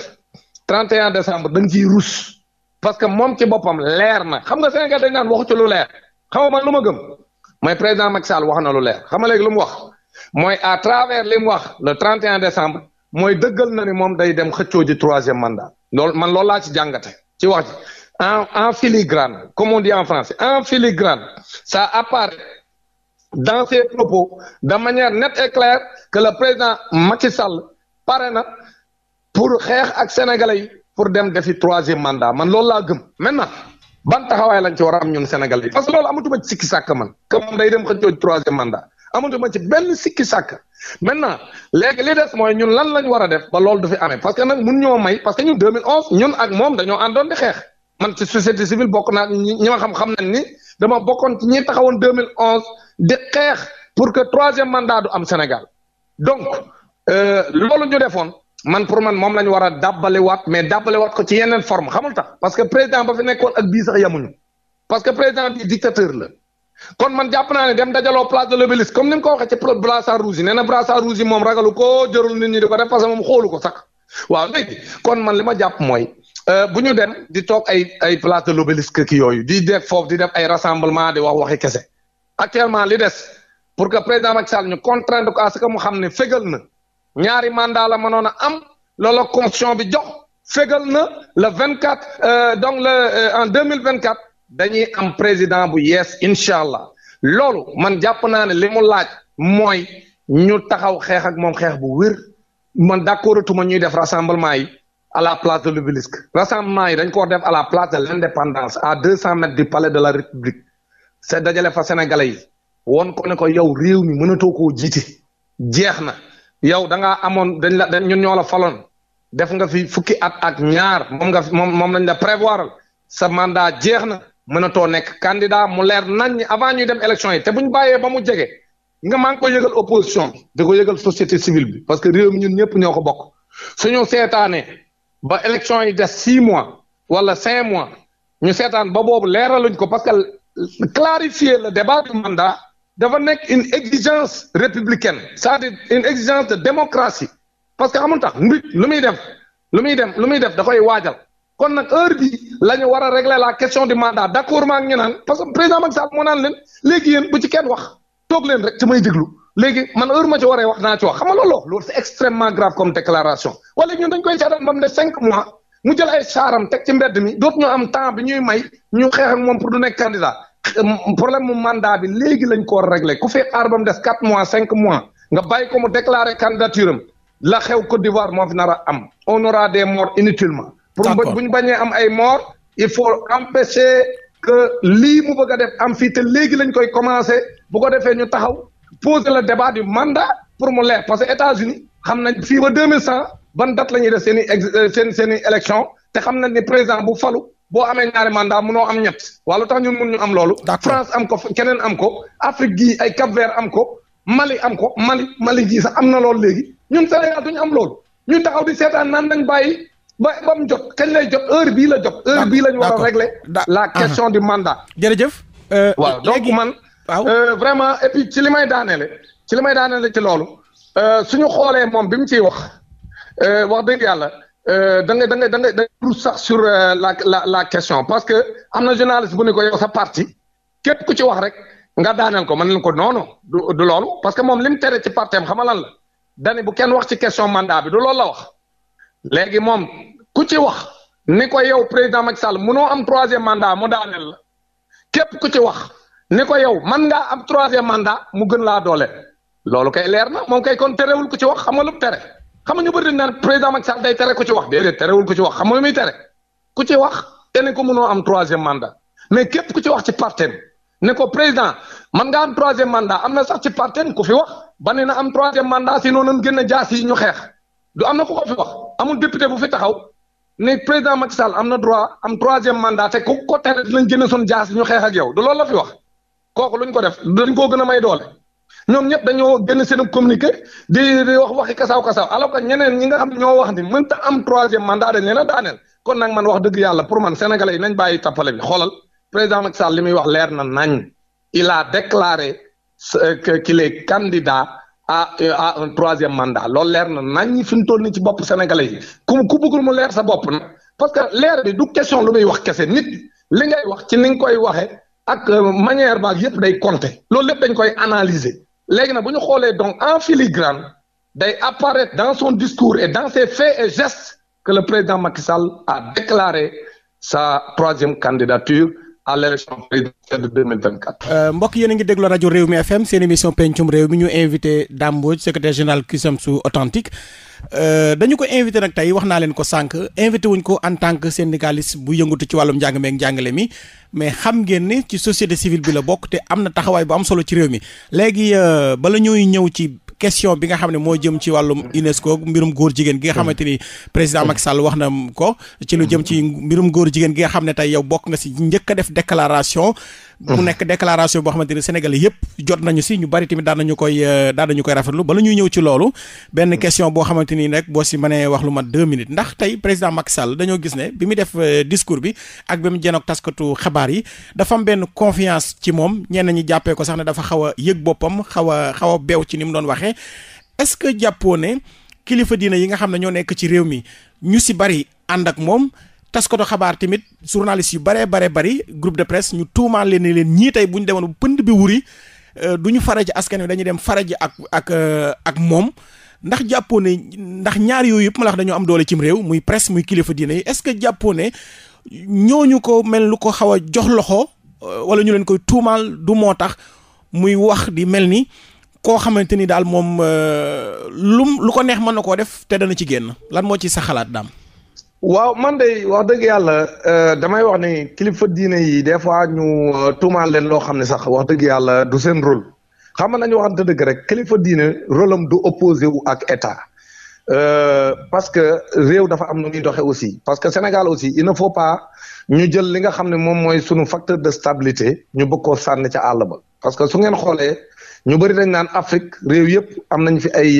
31 décembre dañ ciy rus. parce que moom ci boppam leer na xam nga Sénégal dañ naan waxu ci lu leer xaw ma lu ma gëm mooy président Macky Sall wax na lu leer xam nga léegi lu mu wax mooy à travers li mu wax le 31 décembre mooy dëggal na ni moom day dem xëccoo ji troisième mandat loolu man loolu laa ci jàngate ci wax ji en en filigrane comme on dit en français en filigrane ça apparaît dans ses propos de manière nette et claire que le président Macky Sall pare na pour xeex ak sénégalais pour dem defi troisième mandat man loolu laa gëm maintenant ban taxawaay lañ ci war a am ñun Sénégal yi parce que loolu amatuma ci sikki sàkk man que moom day dem xëccoo troisième mandat amatuma ci benn sikki sàkk maintenant léegi li des ñun lan lañ war a loolu du fi parce que nag mun ñoo may parce que ñun 2011 ñun dañoo àndoon di man ci société civile bokk naa ñi xam xam nañ ni dama bokkoon ci ñi taxawoon 2011 di xeex pour que troisième mandat du am Sénégal donc euh, loolu ñu defoon. man pour man moom la ñu war a dàbbaliwaat mais dàbbaliwaat ko ci yeneen forme xamul tax parce que président ba fi nekkoon ak bii sax yamuñu parce que président bi dictateur la kon man jàpp naa ne dem dajaloo place de l'Obélisque comme ni mu ko waxee ci brassard rouge yi nee na brassard rouge moom ragalu ko jërul nit ñi ko def parce moom xoolu ko sax waaw léegi kon man li ma jàpp mooy euh, bu ñu dem di toog ay ay place de l'Obélisque ki yooyu di def foofu di def ay rassemblement di wax waxi kese actuellement li des pour que président Macky Sall ñu contraindre ko xam ne fégal na. ñaari mandat la mënoon a am loola constitution bi jox fégal na le vingt quatre euh, donc le euh, en deux mille vingt quatre dañuy am président bu yees incha allah loolu man jàpp naa ne li mu laaj mooy ñu taxaw xeex ak moom xeex bu wér man d'accord ma ñuy def rassemblement yi à la place de l'obélisque rassemblement yi dañ ko def à la place de l'indépendance à deux cent mètres du palais de la république c'est dajale fa sénégalais yi woon ko yow réew mi mënatoo ko jiiti jeex na yow da amoon dañ la dañ ñun ñoo la faloon def nga fi fukki at ak ñaar moom nga fi moom moom lañ la prévoiral sa mandat jeex na mënatoo nekk candidat mu leer nañ avant ñuy dem élection yi te bu ñu bàyyee ba mu jege nga maa ngi ko yëgal opposition bi ko yëgal société civile bi parce que réew mi ñun ñëpp ñoo ko bokk suñu seetaanee ba élection yi da six mois wala cinq mois ñu seetaan ba boobu leeraluñ ko parce que clarifier le débat du mandat. dafa nekk une exigence républicaine c'est-à-dire une exigence de démocratie parce que xamul tax mbir lu muy def lu muy dem lu muy def da koy waajal kon nag heure bi la ñu war a régler la question du mandat d'accord maa ngi ñu parce que président Macky Sall moo naan leen léegi yéen bu ci kenn wax toog leen rek ci may déglu léegi man heure ma ci waree wax naa ci wax xam nga loolu loolu c'est extrêmement grave comme déclaration wala ñun dañ koy seetaan ba mu ne cinq mois mu jël ay saaram teg ci mbedd mi dootuñu am temps bi ñuy may ñu xeex ak moom pour du nekk candidat Euh, problème mu mandat bi léegi lañ ko réglé ku fi xaar ba mu des quatre mois cinq mois nga bàyyi ko mu déclaré candidature am la xew Côte d'Ivoire moo fi nar am on aura des morts inutilement. pour bu ñu bañee am ay morts il faut empêcher que lii mu bëgg a def am fii te léegi lañ koy commencé bu ko defee ñu taxaw poser la débat du mandat pour mu leer parce que États-Unis xam nañ fii wa deux mille cent ban date la ñuy def seen i ex euh, seen seen i te xam nañ ni président bu falu. boo amee ñaari mandat munoo am ñett waa lu tax ñun mun ñu am loolu. France am ko keneen am ko Afrique gii ay Cap Vert am ko Mali am ko Mali Mali gii sax am na loolu léegi ñun Sénégal duñu am loolu ñu taxaw di seetaan naan nañ bàyyi. ba ba mu jot kañ lay jot heure bii la jot. heure bii la ñu war a régler la ah. question du mandat. jërëjëf. Euh, waaw donc man. waaw euh, vraiment et ci li may daaneele ci li may daaneele ci loolu. Euh, suñu xoolee moom bi mu ciy wax wax dëgg yàlla. Euh, da nga da nga da nga da nga sax sur euh, la la la question parce que am na journaliste bu ne ko yow sa parti képp ku ci wax rek nga daaneel ko mën leen ko non non du du loolu parce que moom li mu tere ci parteem xam lan la dane bu kenn wax ci question mandat bi du loolu la wax léegi moom ku ci wax ni ko yow président Macky Sall mënoo am troisième mandat mu daaneel la képp ku ci wax ni ko yow man ngaa am troisième mandat mu gën laa doole loolu kay leer na moom kay kon terewul ku ci wax xam nga lu mu tere. xam nga ñu bëri dañ naan président Macky Sall day tere ku ci wax déedéet terewul ku ci wax xam nga muy tere ku ci wax danañ am troisième mandat mais képp ku ci wax ci parten ne ko président man nga am troisième mandat am na sax ci parten ku fi wax bane na am troisième mandat sinon nan génn jaas yi ñu xeex du am na ku ko fi wax amul député bu fi taxaw ne président Macky Sall am na droit am troisième mandat te ku ko tere dinañ génn soon jaas yi ñu xeex ak yow du loolu la fi wax kooku luñ ko def dañ koo gën a may doole. ñoom ñëpp dañoo génn seen communiqué di di wax waxi kasaaw kasaaw alors que ñeneen ñi nga xam ñoo wax ni mënta am troisième mandat dañ leen a daaneel kon nag man wax dëgg yàlla pour man sénégalais yi nañ bàyyi tappale bi xoolal président Macky Sall li muy wax leer na nañ il a déclaré euh, qu'il est candidat à euh, à troisième mandat loolu leer na nañ fi mu toll nii ci bopp sénégalais yi ku ku bëggul mu leer sa bopp na parce que leer bi du question lu muy wax kese nit li ngay wax ci ni nga koy waxee ak euh, manière baag yëpp day compter loolu lépp dañ koy analyser. léegi nag bu ñu xoolee donc en filigrane day apparaître dans son discours et dans ses faits et gestes que le président Macky Sall a déclaré sa troisième candidature à l'élection euh, mbokk yéen a ngi déglu rajo réew mi FM seen émission pencum réew mi ñu invité Dame Mbodj secrétaire général CUSEMS authentique euh, dañu ko invité nag tey wax naa leen ko sànq invité wuñ ko en tant que syndicaliste bu yëngatu ci wàllum njàng meeg njàngale mi mais xam ngeen ne ci société civile bi la bokk te am na taxawaay bu am solo ci réew mi léegi euh, bala ñuy ñëw ci. question bi nga xam ne moo jëm ci wàllum UNESCO mbirum góor jigéen gi nga xamante ni président Macky Sall wax na ko ci lu jëm ci mbirum góor jigéen gi nga xam ne tey yow bokk nga si njëkk a def déclaration mu nekk déclaration boo xamante ni sénégalais yëpp jot nañu si ñu bari tamit daan nañu koy euh, daan nañu koy rafetlu bala ñuy ñëw ci loolu benn question boo xamante ni rek boo si mënee wax lu mat deux minutes ndax tey président Macky Sall dañoo gis ne bi mu def euh, discours bi ak bi mu jenoog taskatu xabaar yi dafa am benn confiance ci moom ñenn ñi jàppee ko sax ne dafa xaw a yëg boppam xaw a xaw a beew ci ni mu doon waxee est-ce que jàppoo ne kilifa diina yi nga xam ne ñoo nekk ci réew mi ñu si bari ànd ak moom taskatu xabaar tamit journaliste yu baree bare bari groupe de presse ñu tuumaan leen ni leen ñii tey bu ñu demoon bu pënd bi wuri euh, du ñu fara ji askan wi dañuy dem fara ji ak ak euh, ak moom ndax jàppoo ne ndax ñaari yooyu yëpp ma la wax dañoo am doole cim réew muy presse muy kilifa diine yi est-ce que jàppoo ne ñooñu ko mel lu ko xaw a jox loxo euh, wala ñu leen koy tuumaal du moo tax muy wax di mel ni koo xamante ni daal moom lum lu ko neex mën na koo def te dana ci génn lan moo ci sa xalaat daam. waaw man de wax dëgg yàlla euh, damay wax ni kilifa diine yi des fois ñu euh, tuumaal leen loo xam ne sax wax dëgg yàlla du seen rôle xam nga nañu waxante dëgg rek kilifa diine rôle am du opposé wu ak état euh, parce que réew dafa am nu ñuy doxee aussi parce que Sénégal aussi ina ne ñu jël li nga xam ne moom mooy sunu facteur de stabilité ñu bëgg koo sànni ca àll ba parce que su ngeen xoolee ñu bëri dañ naan Afrique réew yëpp am nañ fi ay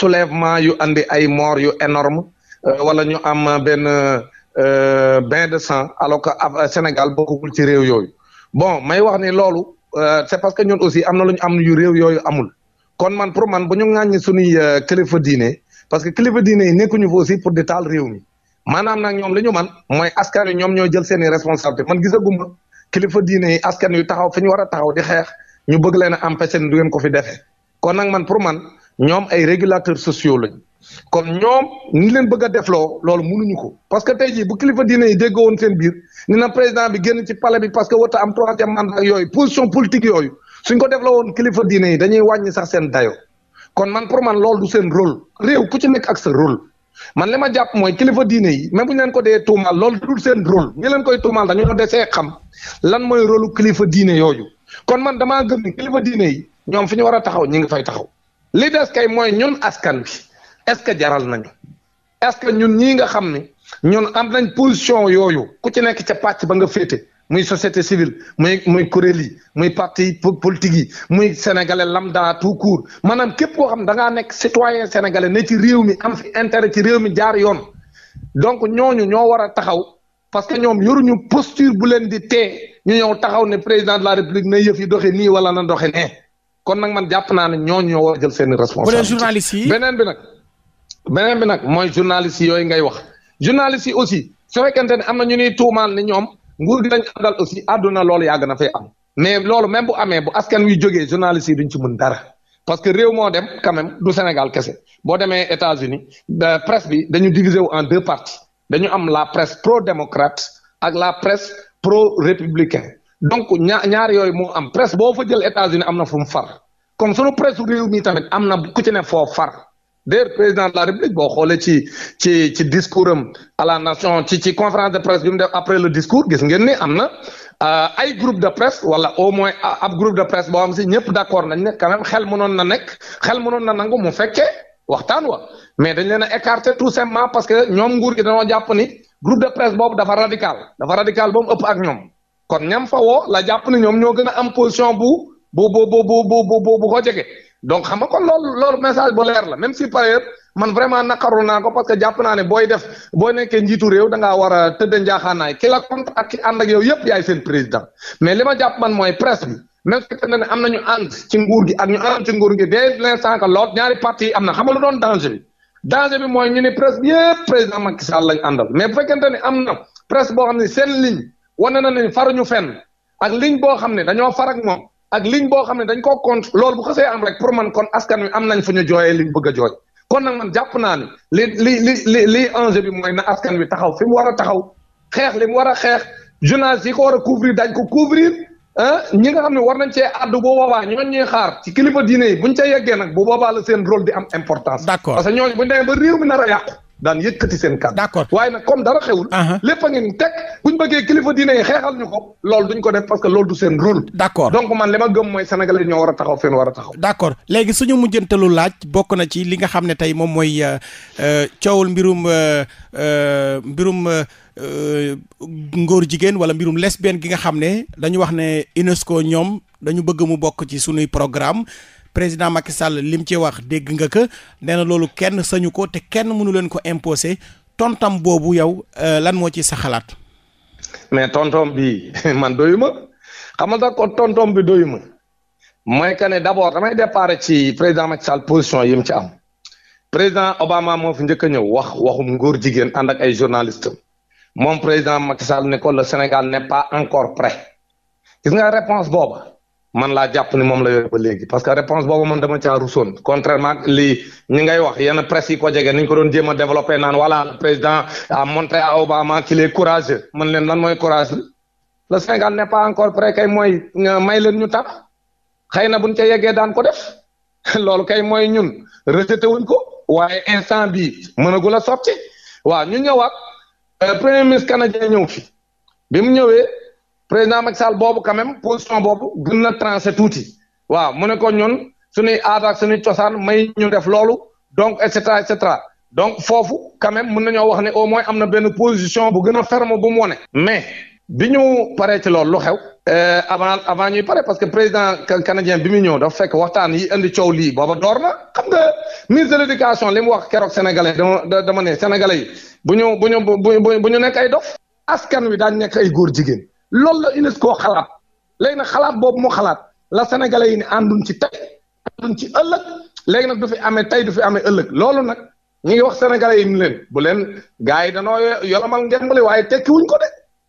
soulèvement yu andi ay mort yu énorme Euh, wala ñu am benn euh, bain de sang alors que Sénégal bokkul ci réew yooyu bon may wax ni loolu euh, c'est parce que ñun aussi am na lu ñu am yu réew yooyu amul kon man pour man bu ñu ŋàññi suñuy kilifa diine parce que kilifa diine yi nekkuñu fa aussi pour di taal réew mi maanaam na ñoom li ñu man mooy askan wi ñoom ñoo jël seen i responsabilité man gisaguma kilifa diine yi askan yu taxaw fi ñu war a taxaw di xeex ñu bëgg leen a empêcher ni du ngeen ko fi defee kon nag man pour man ñoom ay régulateurs sociaux lañu kon ñoom ni leen bëgg a defloo loolu mënuñu ko parce que tey jii bu kilifa diine yi déggoo woon seen biir ni na président bi génn ci pale bi parce que warut am troisième mandat yooyu position politique yooyu suñ ko defloo woon kilifa diine yi dañuy wàññi sax seen dayo kon man pour man loolu du seen rôle réew ku ci nekk ak sa rôle man li ma jàpp mooy kilifa diine yi même bu ñu leen ko dee tuumaal loolu du seen rôle ñi leen koy tuumaal dañoo desee xam lan mooy rôle kilifa diine yooyu kon man damaa gën ni kilifa diine yi ñoom fi ñu war a taxaw ñi ngi fay taxaw li des kay mooy ñun askan bi est-ce que jaral nañu est-ce que ñun ñii nga xam ni ñun am nañ position yooyu ku ci nekk ca pàcc ba nga féete muy société civile muy muy kuréel yi muy parti politique yi muy sénégalais lambda tout court maanaam képp koo xam da ngaa nekk citoyen sénégalais ne ci réew mi am fi intérêt ci réew mi jaar yoon donc ñooñu ñoo war a taxaw parce que ñoom yoruñu posture bu leen di te ñu ñëw taxaw ne président de la république na yëf yi doxe nii wala na doxe nee kon nag man jàpp naa ne ñoo war jël seen responsabilité beneen bi nag mooy journaliste yooyu ngay wax journaliste yi aussi su fekkente ne am na ñu ñuy tuumaal ni ñoom nguur gi lañ àndal aussi àdduna loolu yàgg na fay am mais loolu même bu amee bu askan wi jógee journaliste yi duñ ci mën dara parce que réew moo dem quand du Sénégal kese boo demee États-Unis presse bi dañu diviser wu en deux parties dañu am la presse pro démocrate ak la presse pro républicain donc ñaar ñaar yooyu moo am presse boo fa jël États-Unis am na fu mu far kon sunu presse réew mi tamit am na ku ci ne foo far. d'ailleurs président de la république boo xoolee ci ci ci discours am à la nation ci ci conférence de presse bi mu def après le discours gis ngeen ni am na euh, ay groupe de presse wala au moins ab groupe de presse boo am si ñëpp d'accord nañ ne quand même xel mënoon na nekk xel mënoon na nangu mu fekkee waxtaan wa mais dañ leen a écarté tout simplement parce que ñoom nguur gi dañoo jàpp ni groupe de presse boobu dafa radical dafa radical ba mu ak ñoom kon ñam fa woo la jàpp ni ñoom ñoo gën a am position bu bo bu bu bu bu bu ko jege. donc xam nga kon loolu loolu message bu leer la même si par ailleurs man vraiment naqaru naa ko parce que jàpp booy def boo nekkee njiitu réew da ngaa war a tëdd njaaxaanaay ki la compte ak ki ànd ak yow yëpp yaay seen président mais li ma jàpp man mooy presse bi même si ne am nañu ànd ci nguur gi ak ñu ànd ci nguur gi dès l'instant que l'autre ñaari parti yi am na xam nga lu doon danger bi bi mooy ñu ne presse bi yëpp président Macky Sall lañ àndal mais bu fekkente ne am na presse boo xam ne seen ligne wane na ne faruñu fenn ak ligne boo xam ne dañoo far ak moom. ak ligne boo xam ne dañ koo compte loolu bu xasee am rek pour man kon askan wi am nañ fu ñu jooyee liñ bëgg a kon nag man jàpp naa ni li li li li li enjeu bi mooy na askan wi taxaw fi mu war a taxaw xeex li mu war a xeex journaliste yi ko war a couvrir dañ ko couvrir ah ñi nga xam ne war nañ cee àddu bu boobaa ñooñu ñuy xaar ci kilifa diine yi buñ ca yeggee nag bu boobaa la seen rôle di am importance. d'accord parce que ñooñ buñ demee ba réew mi nar a yàqu. daan yëkkati seen kàddu. d'accord waaye nag comme dara xewul. lépp a ngeen teg bu ñu bëggee kilifa diine yi xeexal ñu ko. loolu duñ ko def parce que lool du seen rôle. d'accord donc man li ma gëm mooy sénégalais ñoo war a taxaw feen war a taxaw. d'accord léegi suñu mujjantalu laaj bokk na ci li nga xam ne tey moom mooy euh, euh, coowul mbirum euh, mbirum. ngóor jigéen wala mbirum lesbienne gi nga xam ne dañu wax ne UNESCO ñoom dañu bëgg mu bokk ci suñuy programme président Macky Sall lim ci wax dégg nga ko nee na loolu kenn sañu ko te kenn mënu leen ko imposé tontam boobu yow euh, lan moo ci sa xalaat. mais tontom bi [laughs] man doyuma xam nga ko tontom bi doyuma mooy que ne d' abord damay départ ci président Macky Sall position yi mu ci am président Obama moo fi njëkk a ñëw wax waxum ngóor jigéen ànd ak ay journalistes moom président Macky Sall ne ko le Sénégal n' pas encore prêt gis nga réponse booba. man laa jàpp ni moom la yore ba léegi parce que réponse boobu man dama caa rusoon contrairement lii ñi ngay wax yenn presse ko jege ni ñu ko doon jéem a naan voilà président a montré à Obama qu'il est man leen lan mooy courage li le Sénégal n'est pas encore prêt kay mooy may leen ñu tax xëy na buñ ca yeggee daan ko def [laughs] loolu kay mooy ñun rejeté wuñ ko waaye instant bii mënagul a sotti waaw ñu ñëwaat euh, premier ministre canadien ñëw fi bi mu ñëwee. président Macky Sall boobu quand même position boobu gën na tranché tuuti waaw mu ne ko ñun suñuy aada ak suñuy cosaan may ñu def loolu donc et cetera et cetera donc foofu quand même mën nañoo wax ne au moins am na benn position bu gën a ferme bu mu wone mais bi ñu paree ci loolu lu xew. Euh, avant avant ñuy pare parce que président canadien bi mu ñëw dafa fekk waxtaan yi indi coow lii booba door na xam nga ministre de l'éducation li mu wax keroog sénégalais dama dama ne sénégalais yi bu ñu bu ñu bu ñu nekk ay dof askan wi daañu nekk ay góor jigéen. loolu la UNESCO xalaat léegi nag xalaat boobu mu xalaat la sénégalais yi ne ànduñ ci tey ànduñ ci ëllëg léegi nag du fi amee tey du fi amee ëllëg loolu nag ñu ngi wax sénégalais yi ni leen bu leen gars yi danoo yolomal ngembali waaye tekkiwuñ ko de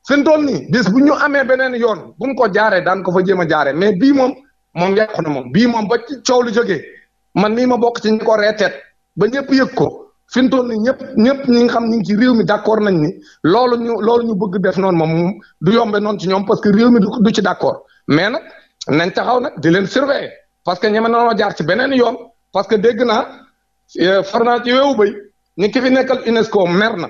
seen tool nii bis bu ñu amee beneen yoon bu ñu ko jaaree daan ko fa jéem a jaaree mais bii moom moom yàqu na moom bii moom ba ci coow lu jógee man mii ma bokk ci ñu ko reeteet ba ñëpp yëg ko fi mu toll nii ñëpp ñëpp ñi xam ñu ngi ci réew mi d'accord nañ ni loolu ñu loolu ñu bëgg def noonu moom du yombe noon ci ñoom parce que réew mi du ci d'accord mais nag nañ taxaw nag di leen surveiller parce que ñeme noonu jaar ci beneen yoon parce que dégg naa euh, far naa ci weewu bay ñu ki fi nekkal UNESCO mer na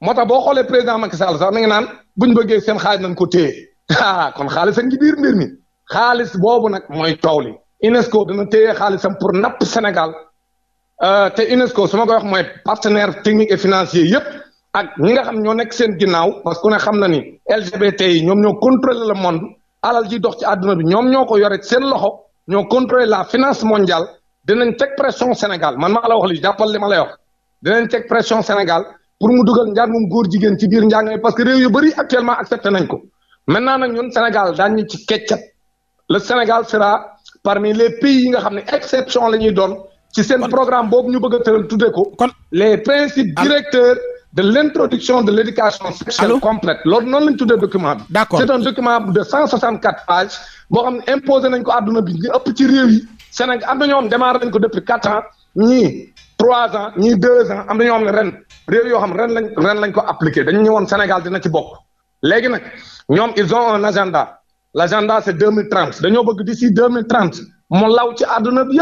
moo tax boo xoolee président Macky Sall sax mi ngi naan buñ bëggee seen xaalis nañ ko téye ah, kon xaalis a ngi biir mbir mi xaalis boobu nag mooy coow li UNESCO dina téye xaalisam pour napp Sénégal Euh, te UNESCO su ma koy wax mooy partenaire technique et financier yëpp ak ñi nga xam ñoo nekk seen ginnaaw parce que ne xam na ni LGBT yi ñoom ñoo contrôler le monde alal ji dox ci àdduna bi ñoom ñoo ko yore seen loxo ñoo contrôler la finance mondiale dinañ teg pression Sénégal man maa la wax li jàppal li ma lay wax dinañ teg pression Sénégal pour mu dugal njàngum góor jigéen ci biir njàng parce que réew yu bëri actuellement accepté nañ ko maintenant nag ñun Sénégal daañu ci keccat le Sénégal sera parmi les pays yi nga xam ne exception la ñuy doon. ci seen programme boobu ñu bëgg a tëral tuddee ko. kon les principes directeurs. de l' introduction de l' éducation sexuelle complète loolu noonu la ñu tuddee document bi. d' accord c' est un pages boo xam ne imposé ko àdduna bi ñu ëpp Sénégal am na ñoo xam démarré nañ ko depuis 4 ans ñii 3 ans ñii 2 ans am na ñoo ne ren réew yoo xam ren lañ ren lañ ko appliqué dañu ñëwoon Sénégal dina ci bokk. léegi nag ñoom ils ont un agenda l' agenda c' est 2030 dañoo bëgg d' ici 2030 bi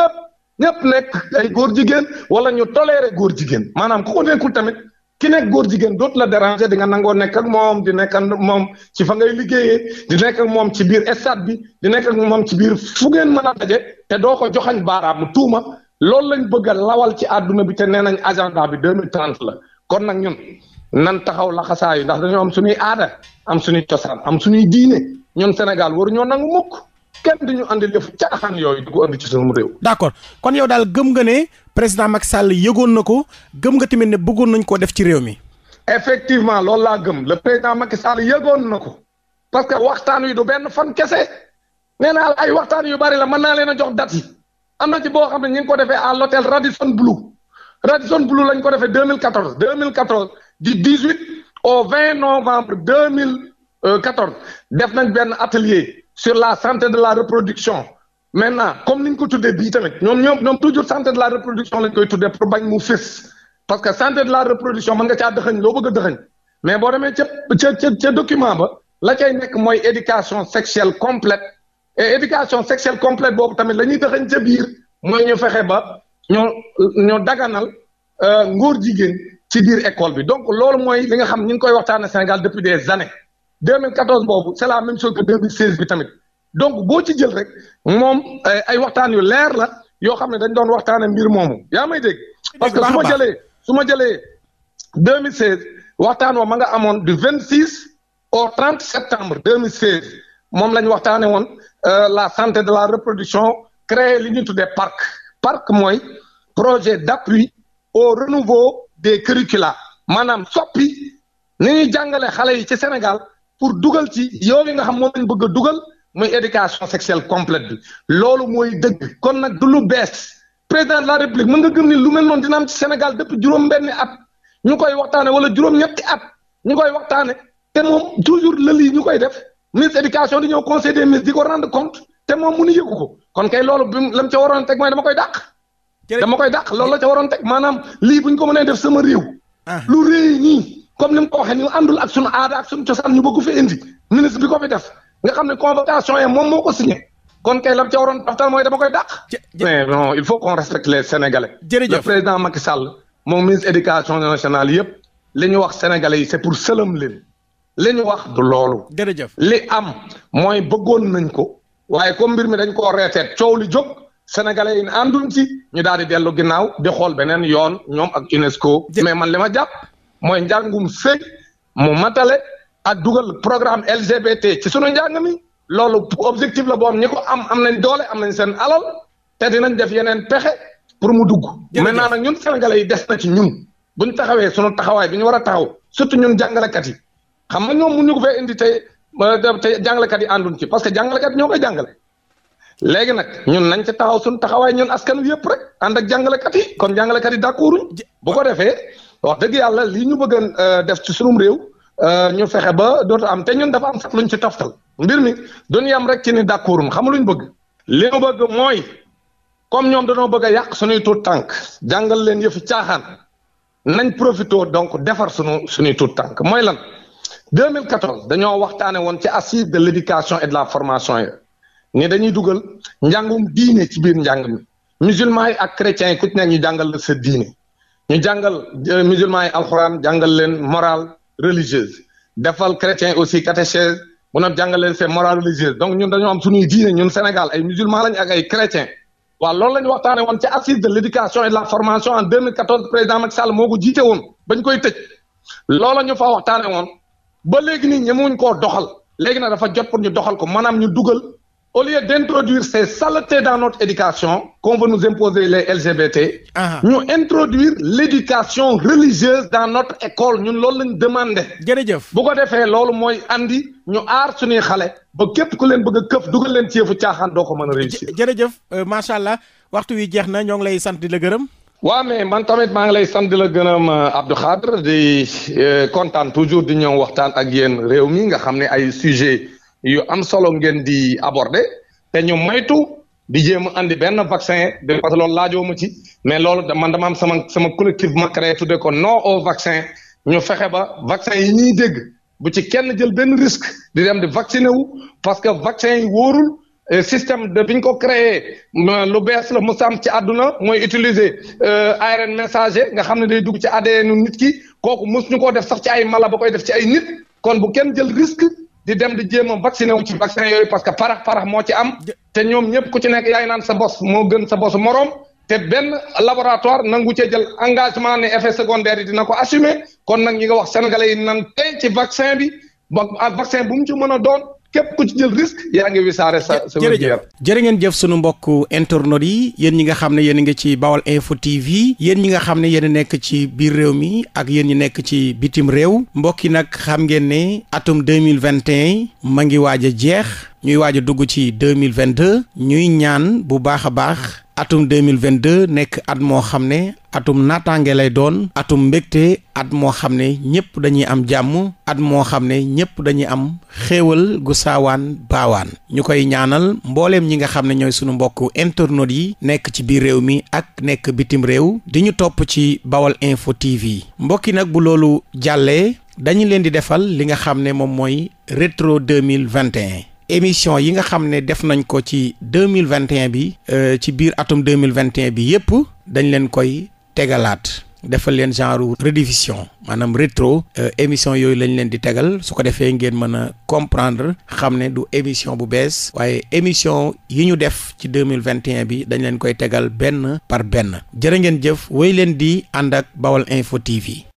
ñëpp nekk ay góor jigéen wala ñu toléré góor jigéen maanaam ku ko nekkul tamit ki nekk góor jigéen dootula la déranger di nga nangoo nekk ak moom di nekk moom ci fa ngay liggéeyee di nekk moom ci biir stade bi di nekk moom ci biir fu ngeen mën a daje te doo ko joxañ baaraam tuuma lool lañ bëgg lawal ci àdduna bi te nee nañ agenda bi 2030 la kon nag ñun nan taxaw laxasaayu ndax dañoo am suñuy aada am suñuy cosaan am suñuy diine ñun Sénégal waruñoo nangu mukk kenn du ñu andi lëf caaxaan yooyu di ko andi ci suñu réew. d'accord kon yow daal gëm nga ne président Macky Sall yéegoon na ko gëm nga tamit ne bëggoon nañ koo def ci réew mi. effectivement loolu laa gëm le président Macky Sall yéegoon na ko parce que waxtaan wi du benn fan kese nee naa ay waxtaan yu bari la mën naa leen a jox date yi am na ci boo xam ne ñu ngi ko defee à l'hôtel Radisson Blu Radisson Blu lañ ko defee 2014 2014 du 18 au 20 novembre 2014 def nañ benn atelier. sur la santé de la reproduction maintenant comme ni ñu ko tuddee tamit ñoom ñoom ñoom toujours santé de la reproduction lañ koy tuddee bañ mu fés parce que santé de la reproduction mën nga caa dëxañ loo bëgg a mais boo demee ca ca ca document ba la cay nekk mooy éducation sexuelle complète et éducation sexuelle boobu tamit la ñuy dëxañ ca biir mooy ñu fexe ba ñu ñu daganal euh, ngóor jigéen ci biir école bi donc loolu mooy li nga xam ñu ngi koy waxtaane Sénégal depuis des années 2014 boobu c'est la même chose que 2016 bi tamit donc boo ci jël rek moom eh, ay waxtaan yu leer la yoo xam ne dañ doon waxtaanee mbir moomu yaa may dégg. parce que su ma jëlee su ma jëlee waxtaan wa ma nga amoon du vingt 26 au 30 septembre 2016 moom la ñu waxtaanee woon euh, la santé de la reproduction créer li ñuy tuddee parc parc mooy projet d'appui au renouveau des curricula maanaam soppi ni ñuy jàngale xale yi ci Sénégal. pour dugal ci yooyu nga xam moom lañ bëgg a dugal muy éducation sexuelle complète bi loolu mooy dëgg kon nag du lu bees président la république mën nga gëm ni lu mel noon dina am Sénégal depuis juróom-benni at ñu koy waxtaane wala juróom-ñetti at ñu koy waxtaane te moom toujours lël yi ñu koy def ministre éducation di ñëw conseil des ministres di ko rendre compte te moom mënu yëgu ko kon kay loolu bi la mu ca waroon teg mooy dama koy dàq. dama koy dàq loolu la ca waroon teg maanaam lii bu ñu ko mënee def sama réew. Ah. comme ni mu ko waxee ñu àndul ak suñu aada ak suñu cosaan ñu bëgg fi indi ministre bi ko fi def nga xam ne convocation yi moom moo ko signé kon kay lam ca waroon daftal mooy dama koy dàq. mais non il faut président Macky Sall moom ministre éducation nationale yëpp li ñu wax sénégalais yi c'est pour sëlëm leen li ñu wax loolu. jërëjëf li am mooy bëggoon nañ ko waaye comme mbir mi dañ ko reeteet coow li jóg. sénégalais yi ànduñ ci ñu daal di dellu ginnaaw di xool beneen yoon ñoom ak UNESCO. mais man li ma jàpp mooy njàngum sëy moo matale ak dugal programme LGBT ci sunu njàng mi loolu objectif la boo xam am am nañ doole am nañ seen alal te dinañ def yeneen pexe pour mu dugg. maintenant nag ñun sénégalais yi des na ci ñun bu ñu taxawee sunu taxawaay bi ñu war a taxaw surtout ñun jàngalekat yi xam nga ñoom mënuñu ko fee indi tey euh, te jàngalekat yi ànduñ ci parce que jàngalekat ñoo koy jàngale. léegi nag ñun nañ ci taxaw sunu taxawaay ñun askan wi yëpp rek ànd ak jàngalekat yi comme jàngalekat yi d'accorduñ bu ko defee. wax dëgg yàlla li ñu bëgg a euh, def ci sunum réew euh, ñu fexe ba dootu am te ñun dafa am sax luñ ci toftal mbir mi duñu yam rek ci ni d'accord xam luñ bëgg li ñu bëgg mooy comme ñoom dañoo bëgg a yàq suñuy tuut tànk jàngal leen yëfi caaxaan nañ profitoo donc defar sunu suñuy tuut tànk mooy lan 2014 dañoo waxtaane woon ci assise de l'éducation et de la formation yi ni dañuy dugal njàngum diine ci biir njàng mi musulman yi ak chrétiens yi ku ci nekk ñu jàngal la sa diine ñu jàngal euh, musulman yi alxuraan jàngal leen morale religieuse defal chrétien aussi catéchèse bu nag jàngal leen seen morale religieuse donc ñun dañoo am suñuy diine ñun Sénégal ay musulman lañ ak ay chrétien waaw loolu la ñu waxtaane woon ci assise de l' éducation et de la formation en 2014 président Macky Sall moo ko jiite woon bañ koy tëj loola ñu fa waxtaane woon ba léegi nii ñemewuñ koo doxal léegi nag dafa jot pour ñu doxal ko maanaam ñu dugal au lieu d'introduire ces saletés dans notre éducation, qu'on veut nous imposer les LGBT, ah. ñu introduire l'éducation religieuse dans notre école ñun loolu lañ demandé. jërëjëf bu ko defee loolu mooy andi ñu aar suñuy xale ba képp ku leen bëgg a këf dugal leen ci ceefu caaxaan doo ko mën a réussir. jërëjëf euh, macha allah waxtu wi jeex na ñoo ngi lay sant di la gërëm. waa mais man tamit maa ngi lay sant di la gërëm euh, Abdou Khadre di euh, kontaan toujours di ñëw waxtaan ak yéen réew mi nga xam ne ay sujet yu am solo ngeen di aborder te ñu moytu bi jéem a andi benn vaccin de parce que loolu ma ci mais loolu man dama am sama sama collectif ma créé tuddee ko non au vaccin ñu fexe ba vaccin yi ñuy dégg bu ci kenn jël benn risque di dem di vacciner wu parce que vaccin yi wóorul système de bi ñu ko créé lu bees la mu sam ci àdduna mooy utiliser euh, ARN messager nga xam ne day dugg ci ADN nit ki kooku mos ñu koo def sax ci ay mala ba koy def ci ay nit kon bu kenn jël risque. di dem di jéem a vacciné wu ci vaccin yooyu parce que parax parax moo ci am te ñoom ñëpp ku ci nekk yaay naan sa bos moo gën sa bos moroom te benn laboratoire nangu cee jël engagement ne effet secondaire yi dina ko assumer kon nag ñi nga wax sénégalais yi nan tey ci vaccin bi ba ah, vaccin bu mu ci mën a doon. képp ku ci jël risque yaa ngi wisaare sa sa wér-gu-yaram jërë ngeen jëf sunu mbokku internautes yi yéen ñi nga xam ne yéen a ngi ci Bawal Info TV yéen ñi nga xam ne yéen a nekk ci biir réew mi ak yéen ñi nekk ci bitim réew mbokk yi nag xam ngeen ne atum deux mille vingt et un ma ngi waaj a jeex ñuy waaj a dugg ci deux mille vingt deux ñuy ñaan bu baax a baax. atum 2022 nekk at moo xam ne atum naataange lay doon atum mbégte at moo xam ne ñëpp dañuy am jàmm at moo xam ne ñëpp dañuy am xéewal gu saawaan baawaan ñu koy ñaanal mbooleem ñi nga xam ne ñooy sunu mbokk internautes yi nekk ci biir réew mi ak nekk bitim réew di ñu topp ci Bawal Info TV mbokki nag bu loolu jàllee dañu leen di defal li nga xam ne moom mooy rétro 2021 émission yi nga xam ne def nañ ko ci deux mille vingt et un bi euh, ci biir atum deux mille vingt et un bi yëpp dañ leen koy tegalaat defal leen genre rediffusion maanaam rétro euh, émission yooyu lañ leen di tegal su ko defee ngeen mën a comprendre xam ne du émission bu bees waaye émission yi ñu def ci deux mille vingt et un bi dañ leen koy tegal benn par benn jërë ngeen jëf woy leen di ànd ak Bawal Info TV.